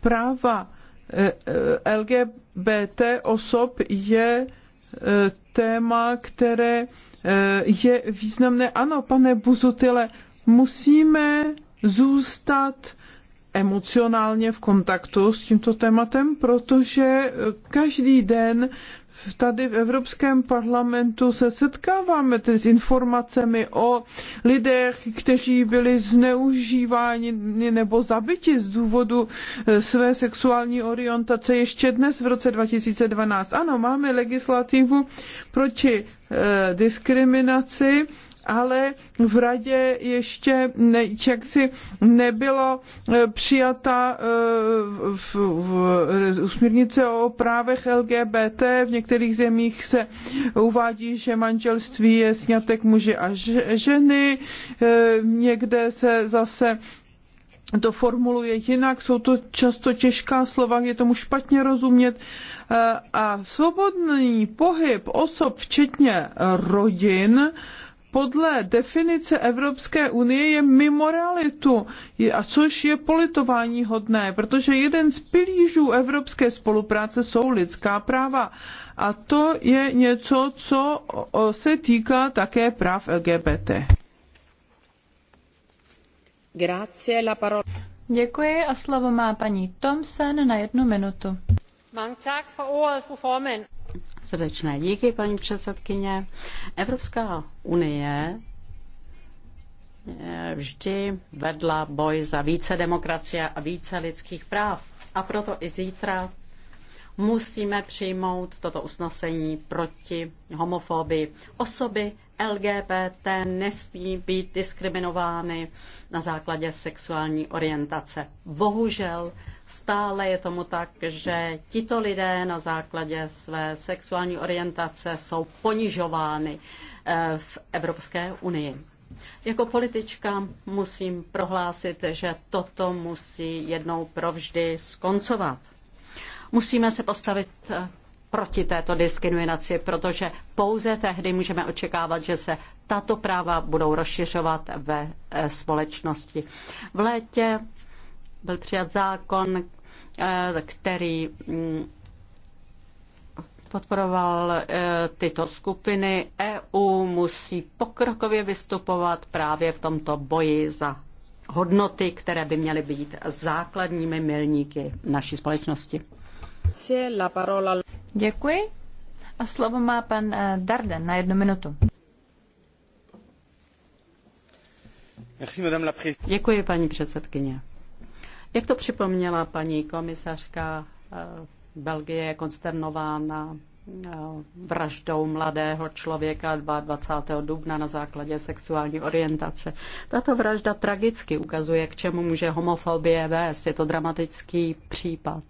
Práva eh, eh, LGBT osob je Eh, téma, které eh, je významné. Ano, pane Buzutile, musíme zůstat emocionálně v kontaktu s tímto tématem, protože eh, každý den tady v Evropském parlamentu se setkáváme tedy s informacemi o lidech, kteří byli zneužíváni nebo zabiti z důvodu eh, své sexuální orientace ještě dnes v roce 2012. Ano, máme legislativu proti eh, diskriminaci ale v radě ještě ne, jaksi nebylo eh, přijata eh, v, v, eh, směrnice o právech LGBT. V některých zemích se uvádí, že manželství je snětek muže a ženy. Někde se zase to formuluje jinak, jsou to často těžká slova, je tomu špatně rozumět. A svobodný pohyb osob, včetně rodin, podle definice Evropské unie je mimo realitu, a což je politování hodné, protože jeden z pilířů evropské spolupráce jsou lidská práva. A to je něco, co se týká také práv LGBT. Grazie, la parola. Děkuji a slovo má paní Thompson na jednu minutu. Srdečné díky, paní předsedkyně. Evropská unie eh, vždy vedla boj za více demokracie a více lidských práv. A proto i zítra musíme přijmout toto usnesení proti homofobii. Osoby LGBT nesmí být diskriminovány na základě sexuální orientace. Bohužel Stále je tomu tak, že tito lidé na základě své sexuální orientace jsou ponižovány eh, v Evropské unii. Jako politička musím prohlásit, že toto musí jednou provždy skoncovat. Musíme se postavit eh, proti této diskriminaci, protože pouze tehdy můžeme očekávat, že se tato práva budou rozšiřovat ve eh, společnosti. V létě byl přijat zákon, eh, který mm, podporoval eh, tyto skupiny. EU musí pokrokově vystupovat právě v tomto boji za hodnoty, které by měly být základními milníky naší společnosti. Děkuji. A slovo má pan eh, Darden na jednu minutu. Děkuji, paní předsedkyně. Jak to připomněla paní komisařka, eh, Belgie konsternována eh, vraždou mladého člověka 22. dubna na základě sexuální orientace. Tato vražda tragicky ukazuje, k čemu může homofobie vést. Je to dramatický případ.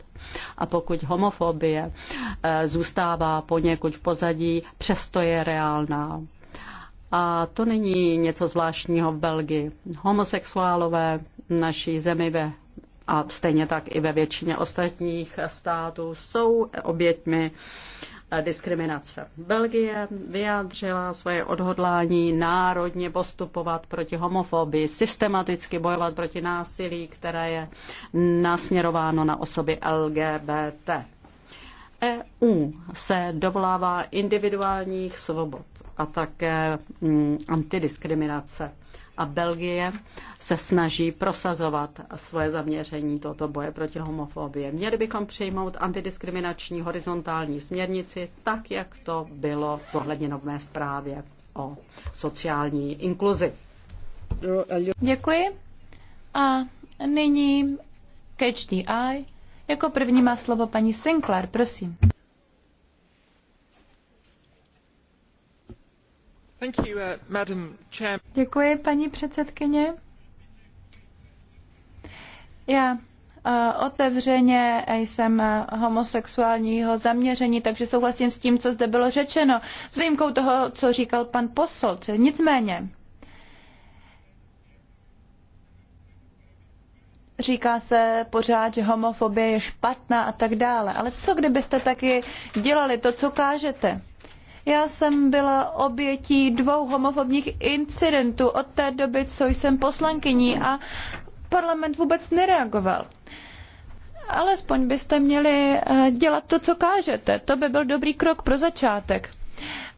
A pokud homofobie eh, zůstává poněkud v pozadí, přesto je reálná. A to není něco zvláštního v Belgii. Homosexuálové v naší zemi ve a stejně tak i ve většině ostatních států jsou oběťmi eh, diskriminace. Belgie vyjádřila svoje odhodlání národně postupovat proti homofobii, systematicky bojovat proti násilí, které je nasměrováno na osoby LGBT. EU se dovolává individuálních svobod a také mm, antidiskriminace a Belgie se snaží prosazovat svoje zaměření tohoto boje proti homofobii. Měli bychom přijmout antidiskriminační horizontální směrnici, tak jak to bylo zohledněno v mé zprávě o sociální inkluzi. Děkuji. A nyní Catch Jako první má slovo paní Sinclair, prosím. Uh, Děkuji, paní předsedkyně. Já uh, otevřeně jsem homosexuálního zaměření, takže souhlasím s tím, co zde bylo řečeno, s výjimkou toho, co říkal pan Posolt. Nicméně, říká se pořád, že homofobie je špatná a tak dále. Ale co kdybyste taky dělali to, co kážete? Já jsem byla obětí dvou homofobních incidentů od té doby, co jsem poslankyní a parlament vůbec nereagoval. Alespoň byste měli eh, dělat to, co kážete. To by byl dobrý krok pro začátek.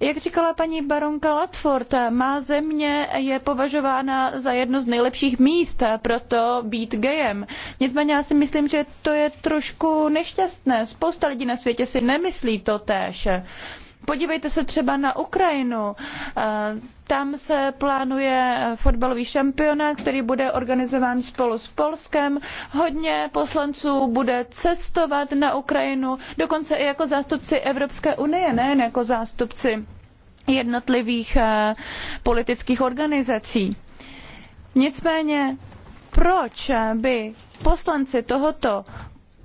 Jak říkala paní baronka Latford, má země je považována za jedno z nejlepších míst pro to být gejem. Nicméně já si myslím, že to je trošku nešťastné. Spousta lidí na světě si nemyslí to též. Podívejte se třeba na Ukrajinu. Eh, tam se plánuje fotbalový šampionát, který bude organizován spolu s Polskem. Hodně poslanců bude cestovat na Ukrajinu, dokonce i jako zástupci Evropské unie, nejen jako zástupci jednotlivých eh, politických organizací. Nicméně, proč by poslanci tohoto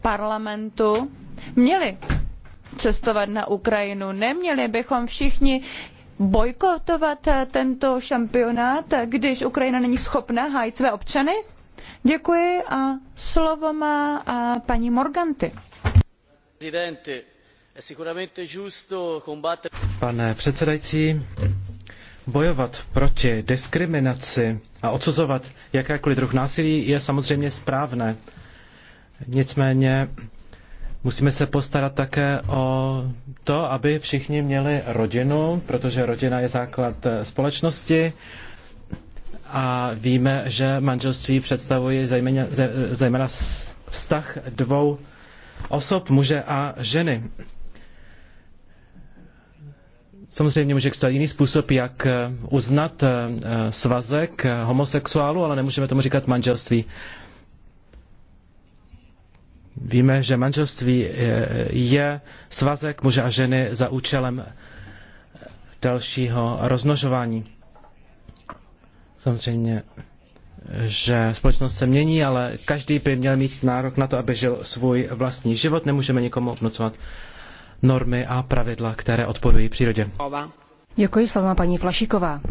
parlamentu měli cestovat na Ukrajinu. Neměli bychom všichni bojkotovat eh, tento šampionát, když Ukrajina není schopna hájit své občany? Děkuji a slovo má a eh, paní Morganti. Pane předsedající, bojovat proti diskriminaci a odsuzovat jakékoliv druh násilí je samozřejmě správné. Nicméně Musíme se postarat také o to, aby všichni měli rodinu, protože rodina je základ eh, společnosti a víme, že manželství představuje zejména, zejména vztah dvou osob, muže a ženy. Samozřejmě může existovat jiný způsob, jak eh, uznat eh, svazek homosexuálu, ale nemůžeme tomu říkat manželství. Víme, že manželství eh, je svazek muže a ženy za účelem eh, dalšího rozmnožování. Samozřejmě, že společnost se mění, ale každý by měl mít nárok na to, aby žil svůj vlastní život. Nemůžeme nikomu obnocovat normy a pravidla, které odporují přírodě. Děkuji, slova paní Flašiková.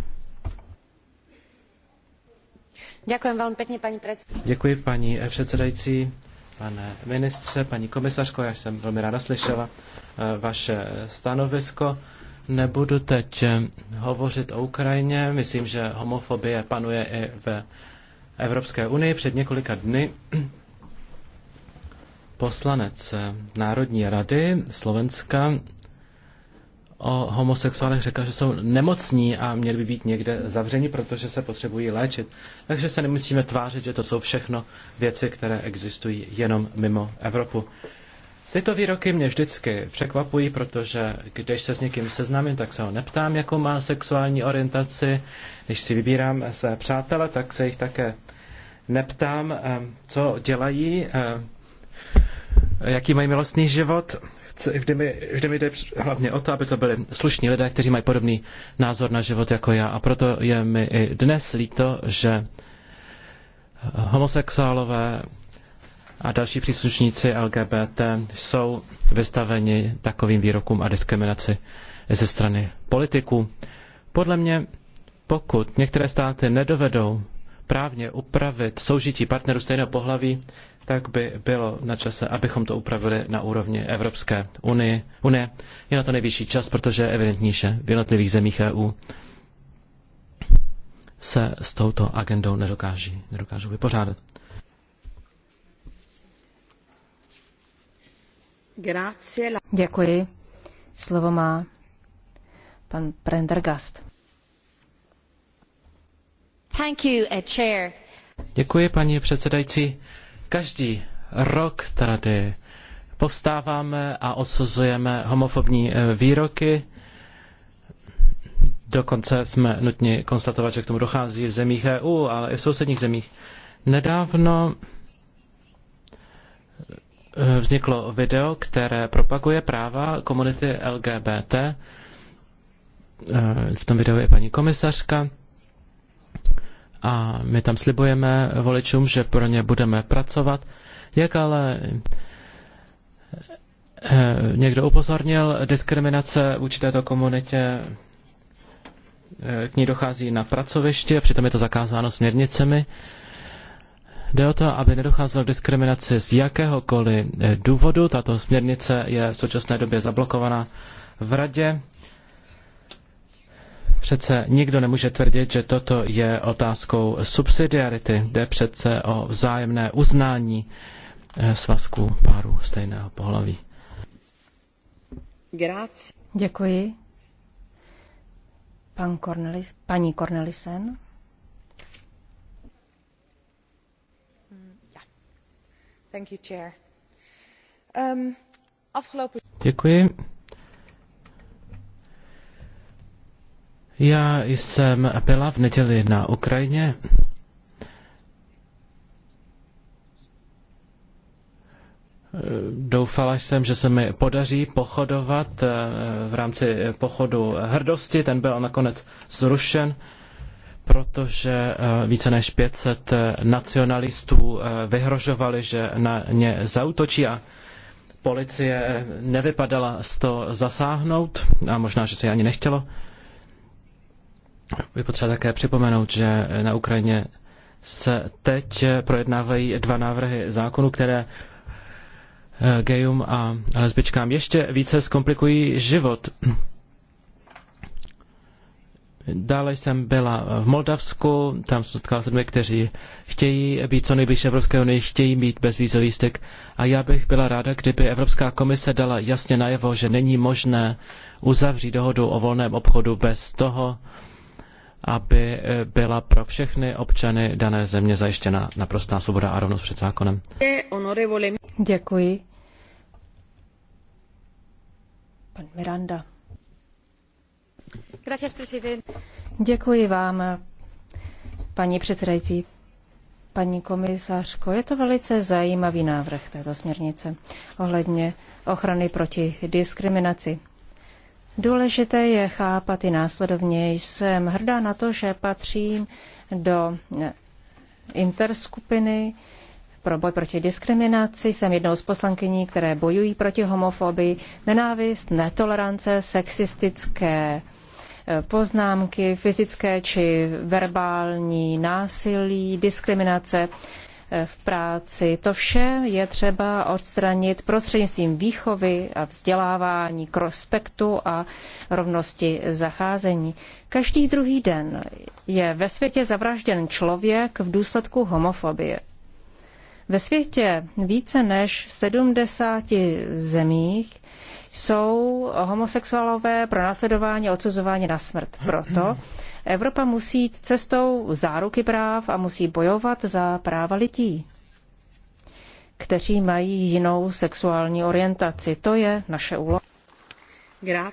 Děkuji velmi pěkně, paní předsedající. Děkuji, paní předsedající pane ministře, paní komisařko, já jsem velmi ráda slyšela eh, vaše stanovisko. Nebudu teď eh, hovořit o Ukrajině. Myslím, že homofobie panuje i v Evropské unii. Před několika dny poslanec eh, Národní rady Slovenska o homosexuálech řekla, že jsou nemocní a měli by být někde zavřeni, protože se potřebují léčit. Takže se nemusíme tvářit, že to jsou všechno věci, které existují jenom mimo Evropu. Tyto výroky mě vždycky překvapují, protože když se s někým seznámím, tak se ho neptám, jakou má sexuální orientaci. Když si vybírám své přátele, tak se jich také neptám, eh, co dělají, eh, jaký mají milostný život vždy mi, vždy mi jde hlavně o to, aby to byli slušní lidé, kteří mají podobný názor na život jako já. A proto je mi i dnes líto, že eh, homosexuálové a další příslušníci LGBT jsou vystaveni takovým výrokům a diskriminaci ze strany politiků. Podle mě, pokud některé státy nedovedou právně upravit soužití partnerů stejného pohlaví, tak by bylo na čase, abychom to upravili na úrovni Evropské unie. unie. Je na to nejvyšší čas, protože je evidentní, že v jednotlivých zemích EU se s touto agendou nedokáží, nedokážou vypořádat. Děkuji. Slovo má pan Prendergast. Eh, Děkuji, paní předsedající. Každý rok tady povstáváme a odsuzujeme homofobní eh, výroky. Dokonce jsme nutni konstatovat, že k tomu dochází v zemích EU, ale i v sousedních zemích. Nedávno eh, vzniklo video, které propaguje práva komunity LGBT. V tom videu je paní komisařka a my tam slibujeme voličům, že pro ně budeme pracovat. Jak ale eh, někdo upozornil, diskriminace vůči této komunitě eh, k ní dochází na pracovišti a přitom je to zakázáno směrnicemi. Jde o to, aby nedocházelo k diskriminaci z jakéhokoliv eh, důvodu. Tato směrnice je v současné době zablokovaná v radě Přece nikdo nemůže tvrdit, že toto je otázkou subsidiarity. Jde přece o vzájemné uznání eh, svazků párů stejného pohlaví. Děkuji. Pan Cornelis, paní Cornelisen. Hmm, um, Děkuji. Já jsem byla v neděli na Ukrajině. Doufala jsem, že se mi podaří pochodovat eh, v rámci pochodu hrdosti. Ten byl nakonec zrušen, protože eh, více než 500 eh, nacionalistů vyhrožovali, že na ně zautočí a policie nevypadala z to zasáhnout a možná, že se ani nechtělo. Je potřeba také připomenout, že na Ukrajině se teď projednávají dva návrhy zákonů, které eh, gejům a lesbičkám ještě více zkomplikují život. Dále jsem byla v Moldavsku, tam jsem setkala s lidmi, kteří chtějí být co nejbližší Evropské unii, chtějí mít bezvízový styk. A já bych byla ráda, kdyby Evropská komise dala jasně najevo, že není možné uzavřít dohodu o volném obchodu bez toho, aby eh, byla pro všechny občany dané země zajištěna naprostá svoboda a rovnost před zákonem. Děkuji. Pan Miranda. Gracias, Děkuji vám, paní předsedající. Paní komisařko, je to velice zajímavý návrh této směrnice ohledně ochrany proti diskriminaci. Důležité je chápat i následovně. Jsem hrdá na to, že patřím do eh, interskupiny pro boj proti diskriminaci. Jsem jednou z poslankyní, které bojují proti homofobii, nenávist, netolerance, sexistické eh, poznámky, fyzické či verbální násilí, diskriminace v práci. To vše je třeba odstranit prostřednictvím výchovy a vzdělávání k respektu a rovnosti zacházení. Každý druhý den je ve světě zavražděn člověk v důsledku homofobie. Ve světě více než 70 zemích jsou homosexuálové pro následování a odsuzování na smrt. Proto Evropa musí jít cestou záruky práv a musí bojovat za práva lidí, kteří mají jinou sexuální orientaci. To je naše úloha. Grazie.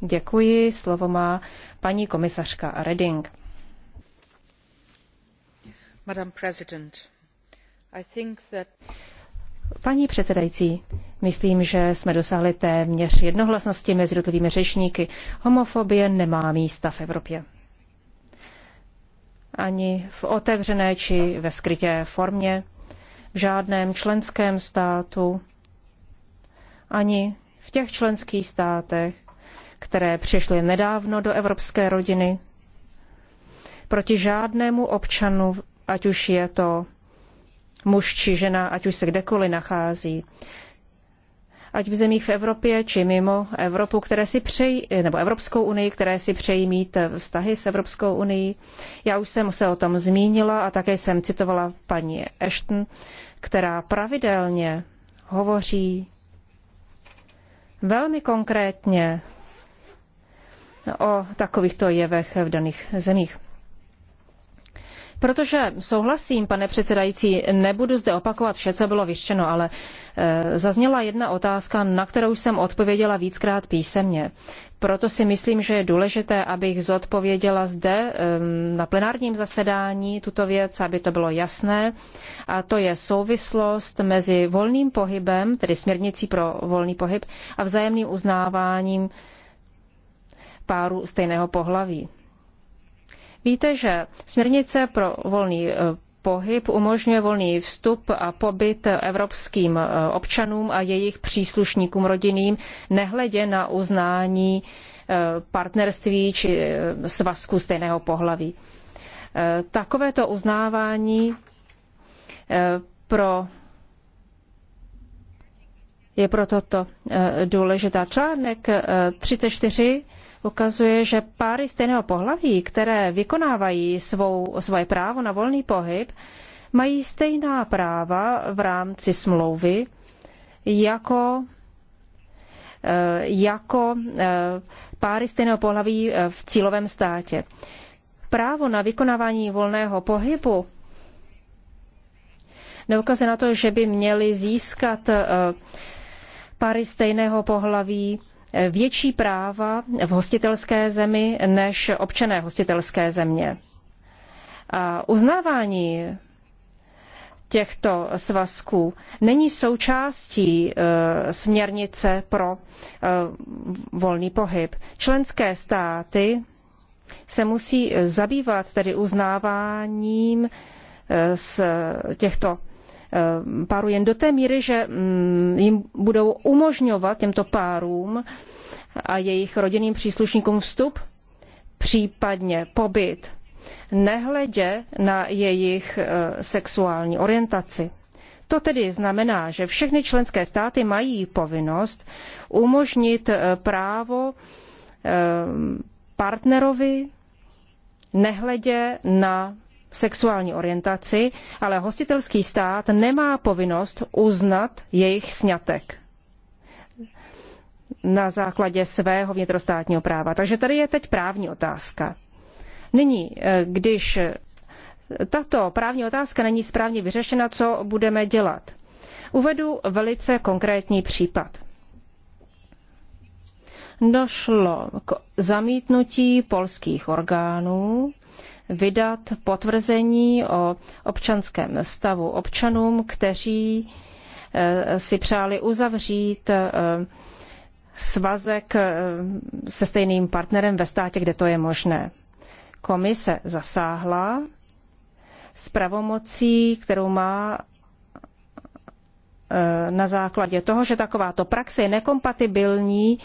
Děkuji. Slovo má paní komisařka Reding. Madam President, I think that... Paní předsedající, Myslím, že jsme dosáhli téměř jednohlasnosti mezi jednotlivými řečníky. Homofobie nemá místa v Evropě. Ani v otevřené či ve skryté formě, v žádném členském státu, ani v těch členských státech, které přišly nedávno do evropské rodiny, proti žádnému občanu, ať už je to muž či žena, ať už se kdekoliv nachází, ať v zemích v Evropě či mimo Evropu, které si přejí, nebo Evropskou unii, které si přejí mít vztahy s Evropskou unii. Já už jsem se o tom zmínila a také jsem citovala paní Ashton, která pravidelně hovoří velmi konkrétně o takovýchto jevech v daných zemích. Protože souhlasím, pane předsedající, nebudu zde opakovat vše, co bylo vyštěno, ale eh, zazněla jedna otázka, na kterou jsem odpověděla víckrát písemně. Proto si myslím, že je důležité, abych zodpověděla zde ehm, na plenárním zasedání tuto věc, aby to bylo jasné. A to je souvislost mezi volným pohybem, tedy směrnicí pro volný pohyb, a vzájemným uznáváním párů stejného pohlaví. Víte, že směrnice pro volný eh, pohyb umožňuje volný vstup a pobyt evropským eh, občanům a jejich příslušníkům rodinným, nehledě na uznání eh, partnerství či svazku stejného pohlaví. Takovéto uznávání pro je proto to důležitá. Článek 34 ukazuje, že páry stejného pohlaví, které vykonávají svou, svoje právo na volný pohyb, mají stejná práva v rámci smlouvy jako, eh, jako eh, páry stejného pohlaví eh, v cílovém státě. Právo na vykonávání volného pohybu neukazuje na to, že by měly získat páry stejného pohlaví větší práva v hostitelské zemi než občané hostitelské země. A uznávání těchto svazků není součástí e, směrnice pro e, volný pohyb. Členské státy se musí zabývat tedy uznáváním e, z těchto Eh, párů jen do té míry, že mm, jim budou umožňovat těmto párům a jejich rodinným příslušníkům vstup, případně pobyt, nehledě na jejich eh, sexuální orientaci. To tedy znamená, že všechny členské státy mají povinnost umožnit eh, právo partnerovi nehledě na sexuální orientaci, ale hostitelský stát nemá povinnost uznat jejich sňatek na základě svého vnitrostátního práva. Takže tady je teď právní otázka. Nyní, eh, když tato právní otázka není správně vyřešena, co budeme dělat? Uvedu velice konkrétní případ. Došlo k zamítnutí polských orgánů vydat potvrzení o občanském stavu občanům, kteří eh, si přáli uzavřít eh, svazek eh, se stejným partnerem ve státě, kde to je možné. Komise zasáhla s pravomocí, kterou má na základě toho, že takováto praxe je nekompatibilní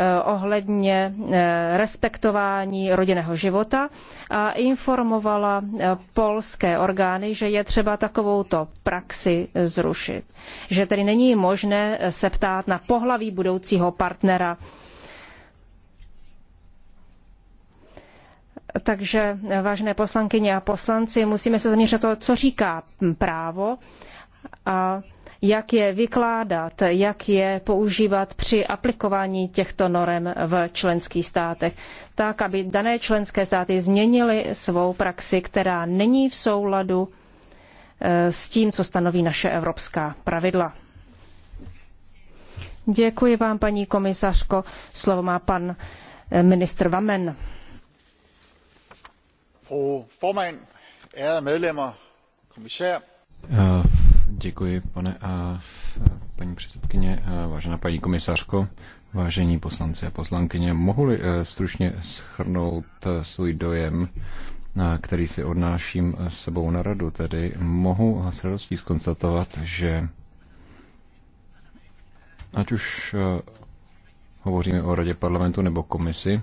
Eh, ohledně eh, respektování rodinného života a informovala eh, polské orgány, že je třeba takovouto praxi zrušit. Že tedy není možné se ptát na pohlaví budoucího partnera Takže, vážené poslankyně a poslanci, musíme se zaměřit na to, co říká právo a jak je vykládat, jak je používat při aplikování těchto norem v členských státech, tak aby dané členské státy změnily svou praxi, která není v souladu e, s tím, co stanoví naše evropská pravidla. Děkuji vám, paní komisařko. Slovo má pan e, ministr Vamen. Fru formand, ærede medlemmer, kommissær. E, Děkuji, pane a paní předsedkyně, vážená paní komisařko, vážení poslanci a poslankyně. Mohu-li e, stručně schrnout e, svůj dojem, e, který si odnáším s sebou na radu, tedy mohu s radostí skonstatovat, že ať už hovoříme o Radě parlamentu nebo komisi,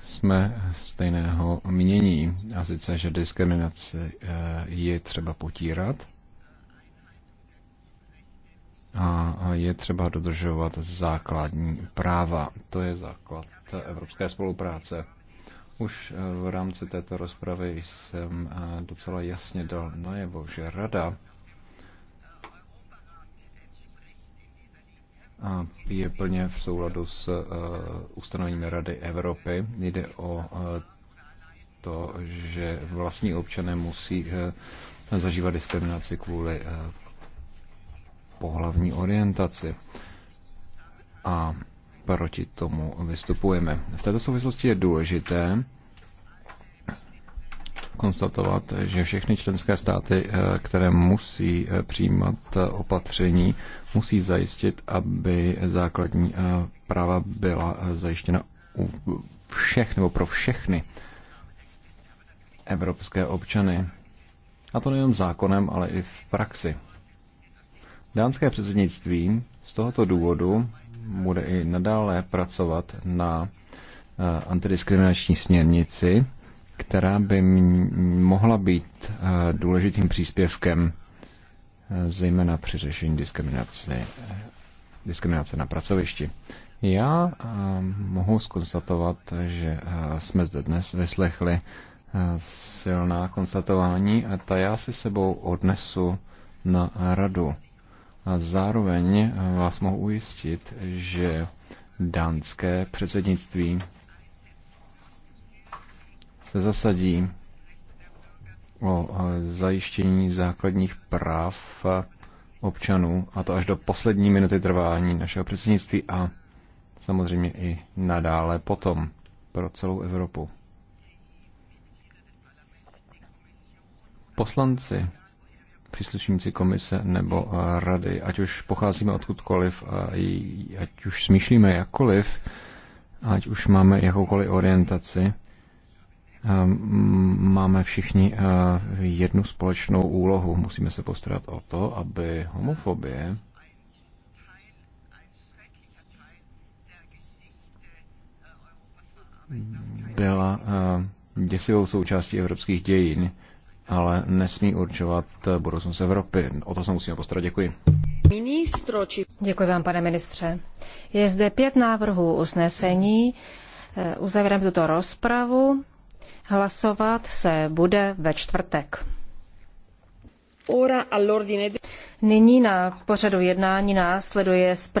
jsme stejného mění, a sice, že diskriminaci eh, je třeba potírat a je třeba dodržovat základní práva. To je základ evropské spolupráce. Už eh, v rámci této rozpravy jsem eh, docela jasně dal najevo, že Rada je plně v souladu s eh, ustanovením Rady Evropy. Jde o eh, to, že vlastní občané musí eh, zažívat diskriminaci kvůli pohlavní orientaci. A proti tomu vystupujeme. V této souvislosti je důležité, konstatovat, že všechny členské státy, eh, které musí eh, přijímat eh, opatření, musí zajistit, aby základní práva byla zajištěna u všech nebo pro všechny evropské občany. A to nejen zákonem, ale i v praxi. Dánské předsednictví z tohoto důvodu bude i nadále pracovat na antidiskriminační směrnici, která by mohla být eh, důležitým příspěvkem eh, zejména při řešení diskriminace, diskriminace na pracovišti. Já eh, mohu skonstatovat, že jsme zde dnes vyslechli silná konstatování a ta já si sebou odnesu na radu. A zároveň vás mohu ujistit, že dánské předsednictví se zasadí o eh, zajištění základních práv eh, občanů, a to až do poslední minuty trvání našeho předsednictví a samozřejmě i nadále potom pro celou Evropu. Poslanci, příslušníci komise nebo eh, rady, ať už pocházíme odkudkoliv, ať už smýšlíme jakkoliv, ať už máme jakoukoliv orientaci, Ehm, máme všichni eh, jednu společnou úlohu. Musíme se postarat o to, aby homofobie byla eh, děsivou součástí evropských dějin, ale nesmí určovat eh, budoucnost Evropy. O to se musíme postarat. Děkuji. Ministro, či... Děkuji vám, pane ministře. Je zde pět návrhů usnesení. Uzavírám tuto rozpravu. Hlasovat se bude ve čtvrtek. Nyní na pořadu jednání následuje zpráva.